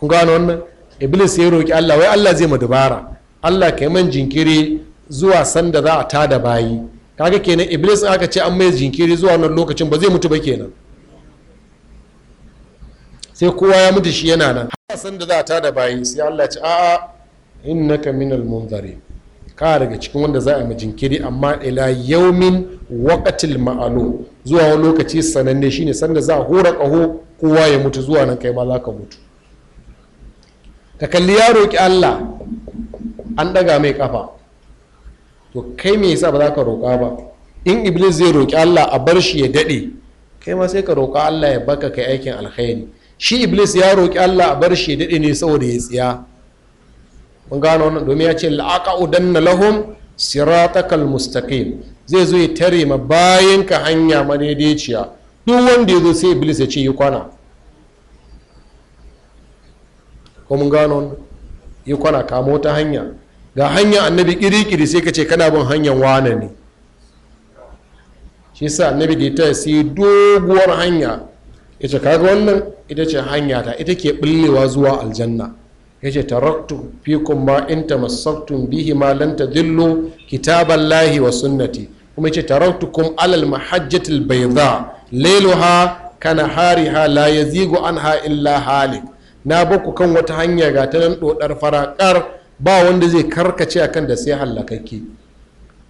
kun gano wannan iblis ya roki allah wai allah zai mu dubara allah ka yi man jinkiri zuwa sanda za a ta da bayi kaga kenan iblis aka ce an mai jinkiri zuwa wannan lokacin ba zai mutu ba kenan sai kowa ya mutu shi yana nan har san da za a ta da bayi sai Allah ya ce a'a innaka minal munzari ka daga cikin wanda za a yi jinkiri amma ila yaumin waqatil ma'alu zuwa wani lokaci sananne shine sanda za a hura kaho kowa ya mutu zuwa nan kai ma za ka mutu ka kalli ya roƙi Allah an ɗaga mai ƙafa to kai me yasa ba za ka roƙa ba in iblis zai roƙi Allah a bar shi ya daɗe kai ma sai ka roƙa Allah ya baka kai aikin alkhairi shi iblis ya roƙi Allah a bar shi ya daɗe ne saboda ya tsiya mun gano wannan domin ya ce na lahum siratakal mustaqim zai zo ya tare ma bayanka hanya daidaiciya duk wanda ya zo sai iblis ya ce yi kwana ko mun gano yi kwana kamo ta hanya ga hanya annabi kirikiri sai ka ce kana bin hanyar wane ne shi sa annabi da ta sai doguwar hanya ya ce kaga wannan ita ce hanya ta ita ke billewa zuwa aljanna ya ce taraktu fikum ma in ta tamassaktum bihi ma lan kitaban lahi wa sunnati kuma ce kum alal mahajjatil Lailu lailuha kana hariha la yazigu anha illa halik na baku kan wata hanya ga ta nan dodar farakar ba wanda zai karkace akan da sai hallakakke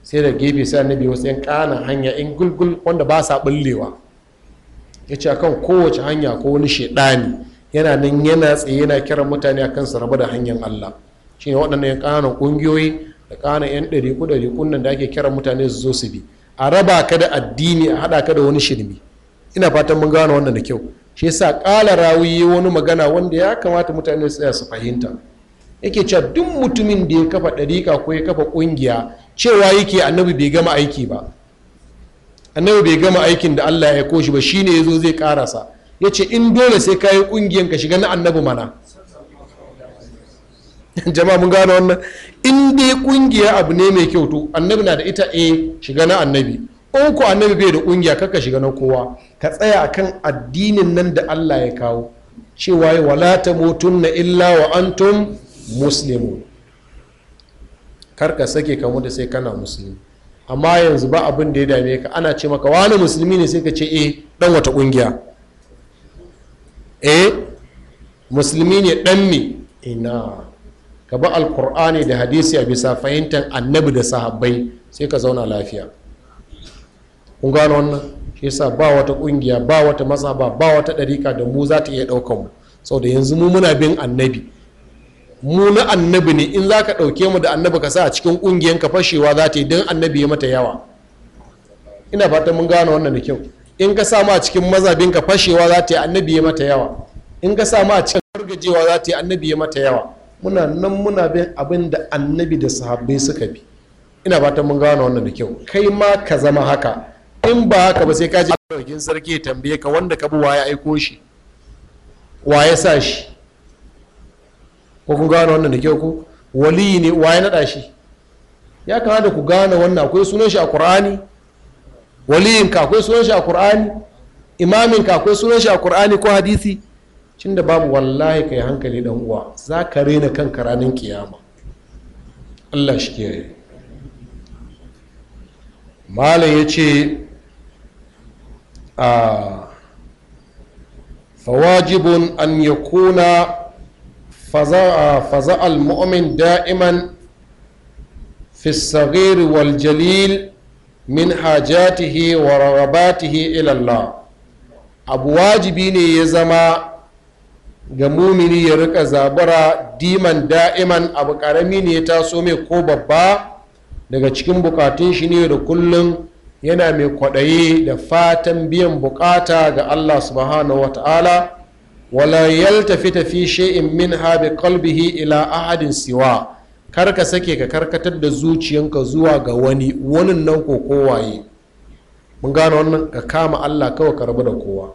sai da gefe sai annabi wasu yan kana hanya in gulgul wanda ba sa bullewa ya ce akan kowace hanya ko wani shedani yana nan yana tsaye yana kiran mutane akan su raba da hanyar Allah shine waɗannan yan ƙananan ƙungiyoyi da ƙananan yan ɗari ku ɗari kunnan da ake kiran mutane su zo su bi a raba ka da addini a haɗa ka da wani shirmi ina fatan mun gane wannan da kyau shi yasa ƙala rawi wani magana wanda ya kamata mutane su tsaya su fahimta yake cewa duk mutumin da ya kafa ɗariƙa ko ya kafa ƙungiya cewa yake annabi bai gama aiki ba annabi bai gama aikin da allah ya koshi ba shine ya zo zai ƙarasa ya ce in dole sai ka yi ƙungiyan ka shiga na annabi mana jama'a mun gane wannan in dai ƙungiya abu ne mai kyau to annabi na da ita e shiga na annabi in ku annabi bai da ƙungiya kaka shiga na kowa ka tsaya akan addinin nan da allah ya kawo cewa ya wala ta na illa wa antum muslimu kar sake kamu da sai kana musulmi amma yanzu ba abin da ya dame ka ana ce maka wani musulmi ne sai ka ce eh dan wata ƙungiya eh musulmi ne dan me ina ka bi alkur'ani da hadisi a bisa fahimtar annabi da sahabbai sai ka zauna lafiya kun gano wannan shi yasa ba wata kungiya ba wata mazhaba ba wata ɗarika da mu za ta iya ɗaukan mu saboda yanzu mu muna bin annabi mu na annabi ne in za ka ɗauke mu da annabi ka sa a cikin ƙungiyan ka fashewa za ta yi don annabi ya mata yawa ina fatan mun gano wannan da kyau in ka sa mu a cikin mazabin ka fashewa za ta yi annabi ya mata yawa in ka sa mu a cikin gargajewa za ta yi annabi ya mata yawa muna nan muna bin abin da annabi da sahabbai suka bi ina fatan mun gano wannan da kyau kai ma ka zama haka in ba haka ba sai ka je sarkin sarki ya tambaye ka wanda ka bi ya aiko shi wa ya sa shi ko ku gane wannan da kyau ko wali ne wa ya nada shi ya kamata ku gane wannan akwai sunan shi a qur'ani waliyin ka akwai sunan shi a qur'ani imamin ka akwai sunan shi a qur'ani ko hadisi cin da babu wallahi kai hankali dan uwa za ka rena kanka ranar kiyama Allah shi kiyaye malam ya ce فواجب أن يكون فزع, فزع المؤمن دائما في الصغير والجليل من حاجاته ورغباته إلى الله abu wajibi ne ya zama ga mumini ya rika zabara diman da'iman abu karami ne ya taso mai ko babba daga cikin bukatun shi ne da kullum yana mai kwaɗayi da fatan biyan bukata ga allah subhanahu wata'ala wala yaltafi tafi shay'in min habi qalbihi ila ahadin siwa kar ka sake ka karkatar da zuciyanka zuwa ga wani wani nan ko kowaye mun gano wannan ka kama allah kawai ka rabu da kowa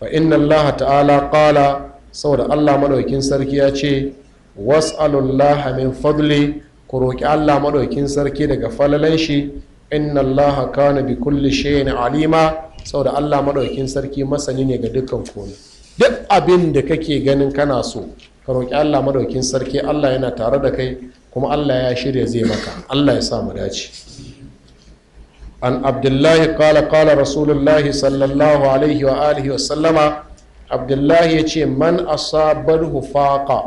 fa inna allah ta'ala qala saboda allah madaukin sarki ya ce was'alullaha min fadli ku roki allah madaukin sarki daga falalan shi inna Allah kana bi kulli shay'in alima saboda Allah maɗaukin sarki masani ne ga dukkan komai duk abin da kake ganin kana so ka roki Allah maɗaukin sarki Allah yana tare da kai kuma Allah ya shirya zai maka Allah ya sa mu dace an abdullahi qala qala rasulullahi sallallahu alaihi wa alihi wa sallama abdullahi ya ce man asabahu faqa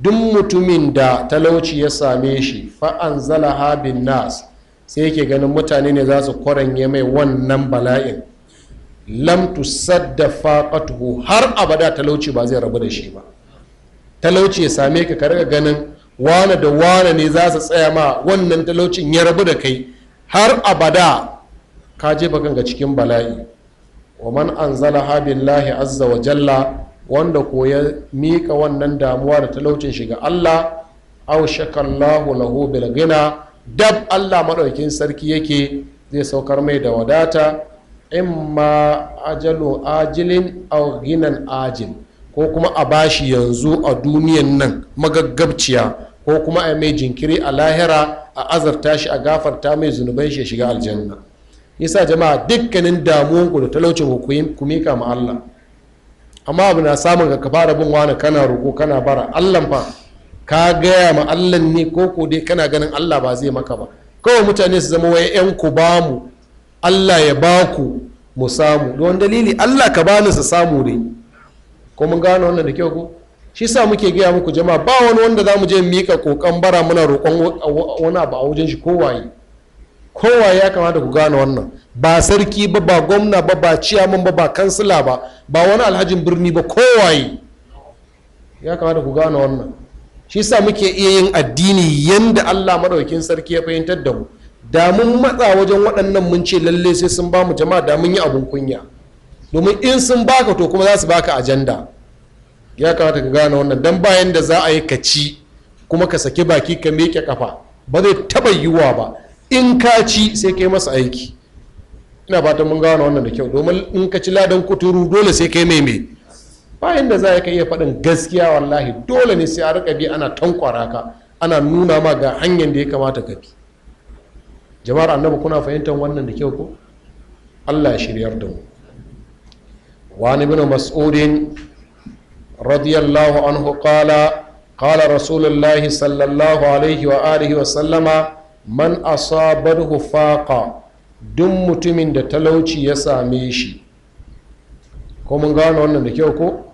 duk mutumin da talauci ya same shi fa anzalaha bin nas sai yake ganin mutane ne za su kwaranye mai wannan bala'in lam tusadda faqatuhu har abada talauci ba zai rabu da shi ba talauci ya same ka karga ganin wane da wane ne za su tsaya ma wannan talaucin ya rabu da kai har abada ka je kan ga cikin bala'i wa man anzala habillahi azza wa jalla wanda ko ya mika wannan damuwa da talaucin shiga Allah Aushakallahu shakallahu lahu bil dab allah maɗaukin sarki yake zai saukar mai da wadata ma ajalo ajilin au ginan ajin, ko kuma a bashi yanzu a duniyan nan magaggabciya ko kuma a mai jinkiri a lahira a azarta shi a gafarta mai zunuban shi shiga aljanna yasa jama'a dukkanin damuwanku da talaucin ku mika ma Allah amma abu na samun ka fara bin wani kana roko kana bara Allah fa ka gaya ma allah ne ko ko dai kana ganin allah ba zai maka ba kawai mutane su zama wai yan ku ba mu allah ya ba ku mu samu don dalili allah ka bani su samu dai ko mun gano wannan da kyau ko shi sa muke gaya muku jama'a ba wani wanda za mu je mika kokan bara muna roƙon wani abu a wajen shi kowaye kowaye ya kamata ku gane wannan ba sarki ba ba gwamna ba ba ciyaman ba ba kansila ba ba wani alhajin birni ba kowaye ya kamata ku gane wannan shi sa muke iya yin addini yanda Allah maɗaukin sarki ya fahimtar da mu da mun matsa wajen waɗannan mun ce lalle sai sun ba mu jama'a da mun yi abun kunya domin in sun baka to kuma za su baka ajanda ya kamata ka gane wannan dan bayan da za a yi ka ci kuma ka saki baki ka meke kafa ba zai taba yiwuwa ba in ka ci sai kai masa aiki ina fatan mun gane wannan da kyau domin in ka ci ladan kuturu dole sai kai mai mai bayan da za ka iya faɗin gaskiya wallahi dole ne sai a rika bi ana tankwara ka ana nuna ma ga hanyar da ya kamata ka bi jama'ar annabi kuna fahimtar wannan da kyau ko allah shiryar da mu wani bin mas'udin radiyallahu anhu qala qala rasulullahi sallallahu alaihi wa alihi wa sallama man asabahu faqa duk mutumin da talauci ya same shi ko mun gano wannan da kyau ko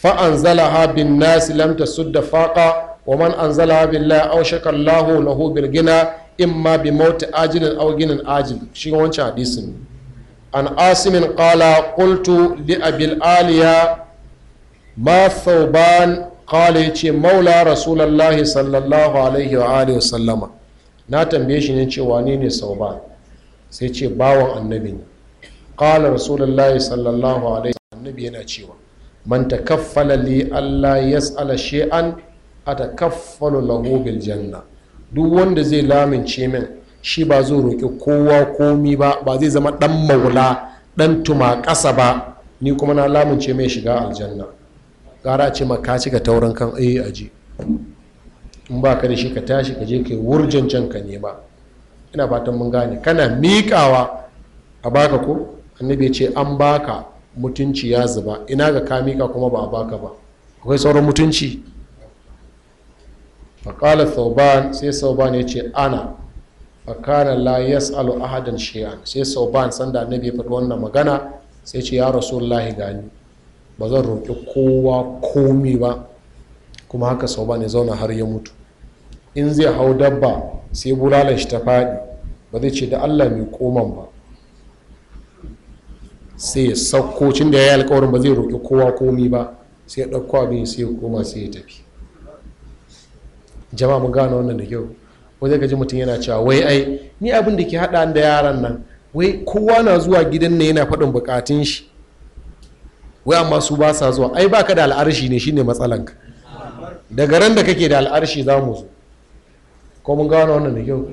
fa anzalaha bin nas su da faƙa, wa man anzalaha billahi au shaka Allahu lahu bil gina imma bi mauti ajilin aw ginin ajin, shi wancan hadisin an asimin ƙala qultu li abil aliya ma thawban qala yace maula rasulullahi sallallahu alaihi wa alihi wa sallama na tambaye shi ne cewa ne ne sauban sai ce bawan annabi Ƙala qala rasulullahi sallallahu alaihi wa annabi yana cewa man takaffala li Allah yas'ala shay'an atakaffalu lahu bil janna duk wanda zai lamince min shi ba zai roƙi kowa komi ba ba zai zama ɗan maula ɗan tuma ƙasa ba ni kuma na lamince mai shiga aljanna gara ce ma ka ci taurin kan a aji in ba ka da shi ka tashi ka je ka wurjen can ka ba ina fatan mun gane kana miƙawa a baka ko annabi ce an baka mutunci ya zuba ina ga ka mika kuma ba a baka ba akwai sauran mutunci faƙala sauban sai sauban ya ce ana faƙala la yas'alu ahadan shay'an sai sauban sanda annabi ya faɗi wannan magana sai ce ya lahi gani ba zan roƙi kowa komi ba kuma haka sauban ya zauna har ya mutu in zai hau dabba sai bulalan shi ta faɗi ba zai ce da allah mai koman ba sai ya sauko cin da ya yi alkawarin ba zai roƙi kowa komi ba sai ya ɗauko abin sai ya koma sai ya tafi jama'a mun gano wannan da kyau ko zai gaji mutum yana cewa wai ai ni abin da ke haɗa da yaran nan wai kowa na zuwa gidan ne yana faɗin buƙatun shi wai amma su ba sa zuwa ai baka da al'arshi ne shine ka daga ran da kake da al'arshi za mu zo ko mun gano wannan da kyau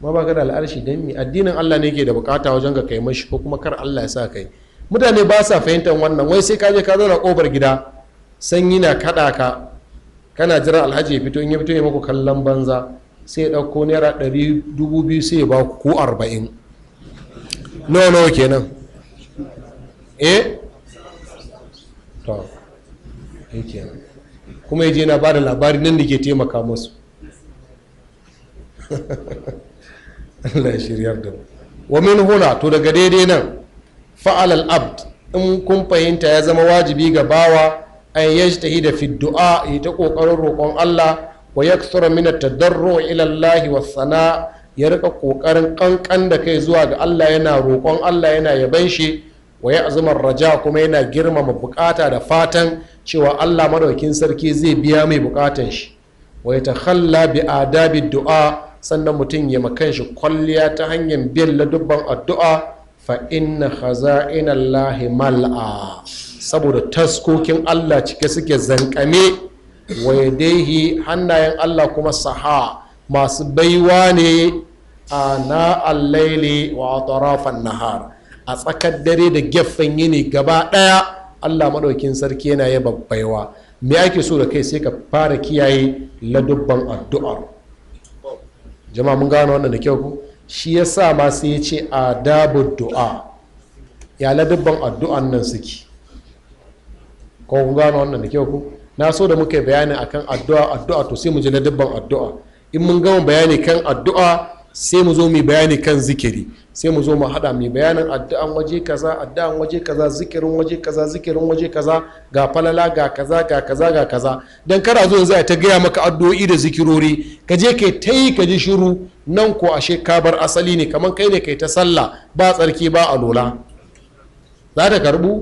ma ba ka da al'arshi don mi addinin Allah ne ke da bukata wajen ka kai mashi ko kuma kar Allah ya sa kai mutane ba sa fahimtar wannan wai sai ka je ka zauna kobar gida sanyi na kada ka kana jira alhaji ya fito in ya fito ya maku kallon banza sai ya ɗauko naira ɗari dubu biyu sai ya ba ku ko arba'in nawa nawa kenan eh to kuma ya je na ba da labari nan da ke taimaka musu Allah ya shiryar da mu wa min huna to daga daidai nan fa'al al-abd in kun fahimta ya zama wajibi ga bawa an yajtahi da fi du'a yi ta kokarin roƙon Allah wa yaksura min at-tadarru ila Allah wa sana ya rika kokarin kankan da kai zuwa ga Allah yana roƙon Allah yana yaban shi wa ya azumar raja kuma yana girmama bukata da fatan cewa Allah madaukin sarki zai biya mai bukatan shi wa ya takhalla bi adabi du'a sannan mutum ya makan shi kwalliya ta hanyar biyan ladubban addu'a fa inna khaza'in Allah mal'a saboda taskokin Allah cike suke zankame wayadaihi hannayen Allah kuma saha masu baiwa ne a na allaili wa atarafan nahar a tsakar dare da gefen yini gaba ɗaya Allah maɗaukin sarki yana yaba baiwa me ake so da kai sai ka fara kiyaye ladubban addu'ar jama mun gano wannan da kyau ku shi ya sa ma sai ya ce adabu du'a ya ladabban addu'an nan suke ko kun gano wannan da kyau ku na so da muka yi bayani akan addu'a addu'a to sai mu ji ladabban addu'a in mun gama bayani kan addu'a sai mu zo mu bayani kan zikiri sai mu zo mu haɗa mai bayanin addu'an waje kaza addu'an waje kaza zikirin waje kaza zikirin waje kaza ga falala ga kaza ga kaza ga kaza dan kara zo yanzu a ta gaya maka addu'o'i da zikirori ka je kai ta yi ka ji shiru nan ko ashe ka bar asali ne kamar kai ne kai ta sallah ba tsarki ba alola za ta karbu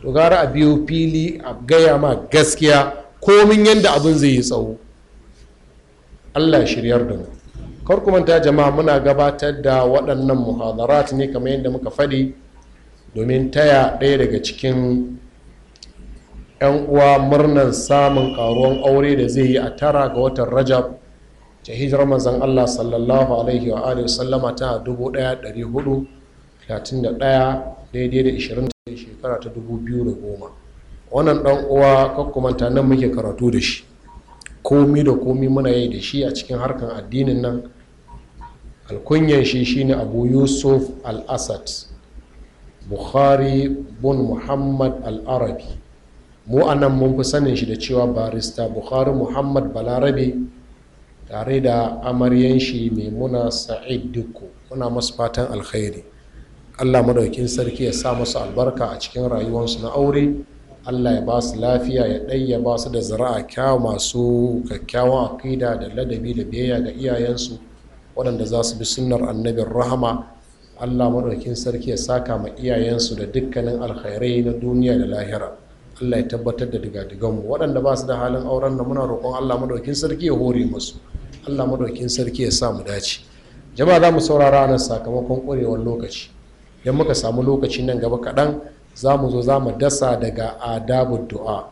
to gara a biyo fili a gaya ma gaskiya komin yadda abin zai yi tsawo allah shiryar da mu kar ku manta jama'a muna gabatar da waɗannan muhadarat ne kamar yadda muka faɗi domin taya ɗaya daga cikin 'yan uwa murnan samun karuwan aure da zai yi a tara ga watan rajab ta hijirar manzan allah sallallahu alaihi wa alihi sallama ta 1431 daidai da 20 shekara ta 2010 wannan ɗan uwa kakkumanta nan muke karatu da shi komi da komi muna yi da shi a cikin harkar addinin nan alkunyan shi shine abu yusuf al assad bukhari bin muhammad al-arabi mu a nan mun fi sanin shi da cewa barista bukhari muhammad balarabe tare da amaryan shi mai muna sa'id dukku muna masu fatan alkhairi allah madaukin sarki ya sa masu albarka a cikin rayuwarsu na aure allah ya ba su lafiya ya ɗaya ba su da zara'a kyawu masu kyakkyawan aƙida da ladabi da biyayya ga iyayensu waɗanda za su bi sunnar annabin rahama allah maɗaukin sarki ya saka ma iyayensu da dukkanin alkhairai na duniya da lahira allah ya tabbatar da digadiganmu waɗanda ba su da halin auren da muna roƙon allah maɗaukin sarki ya hore musu allah maɗaukin sarki ya sa mu dace jama'a za mu saurara nan sakamakon ƙwarewar lokaci idan muka samu lokaci nan gaba kaɗan za mu zo za mu dasa daga adabu du'a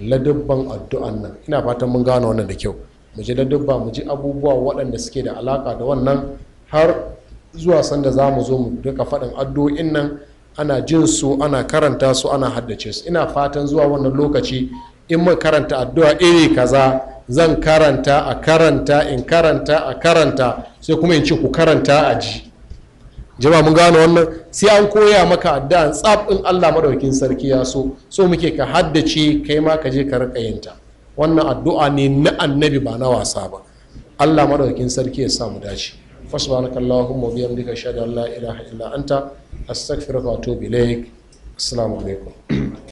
ladubban addu'an nan ina fatan mun gano wannan da kyau mu ji ladubba mu ji abubuwa waɗanda suke da alaƙa da wannan har zuwa sanda za mu zo mu duka faɗin addu'o'in nan ana jin su ana karanta su ana haddace su ina fatan zuwa wannan lokaci in mun karanta addu'a iri kaza zan karanta a karanta in karanta a karanta sai kuma in ci ku karanta a ji jama'a mun gane wannan sai an koya maka addu'a tsaf Allah Madaukin sarki ya so so muke ka haddace kai ma ka je ka raka yinta wannan addu'a ne na annabi ba na wasa ba allah maɗaukin sarki ya samu dace fasubhanakallahumma wa bihamdika ashhadu an la ilaha illa anta astaghfiruka wa atubu ilaik assalamu alaikum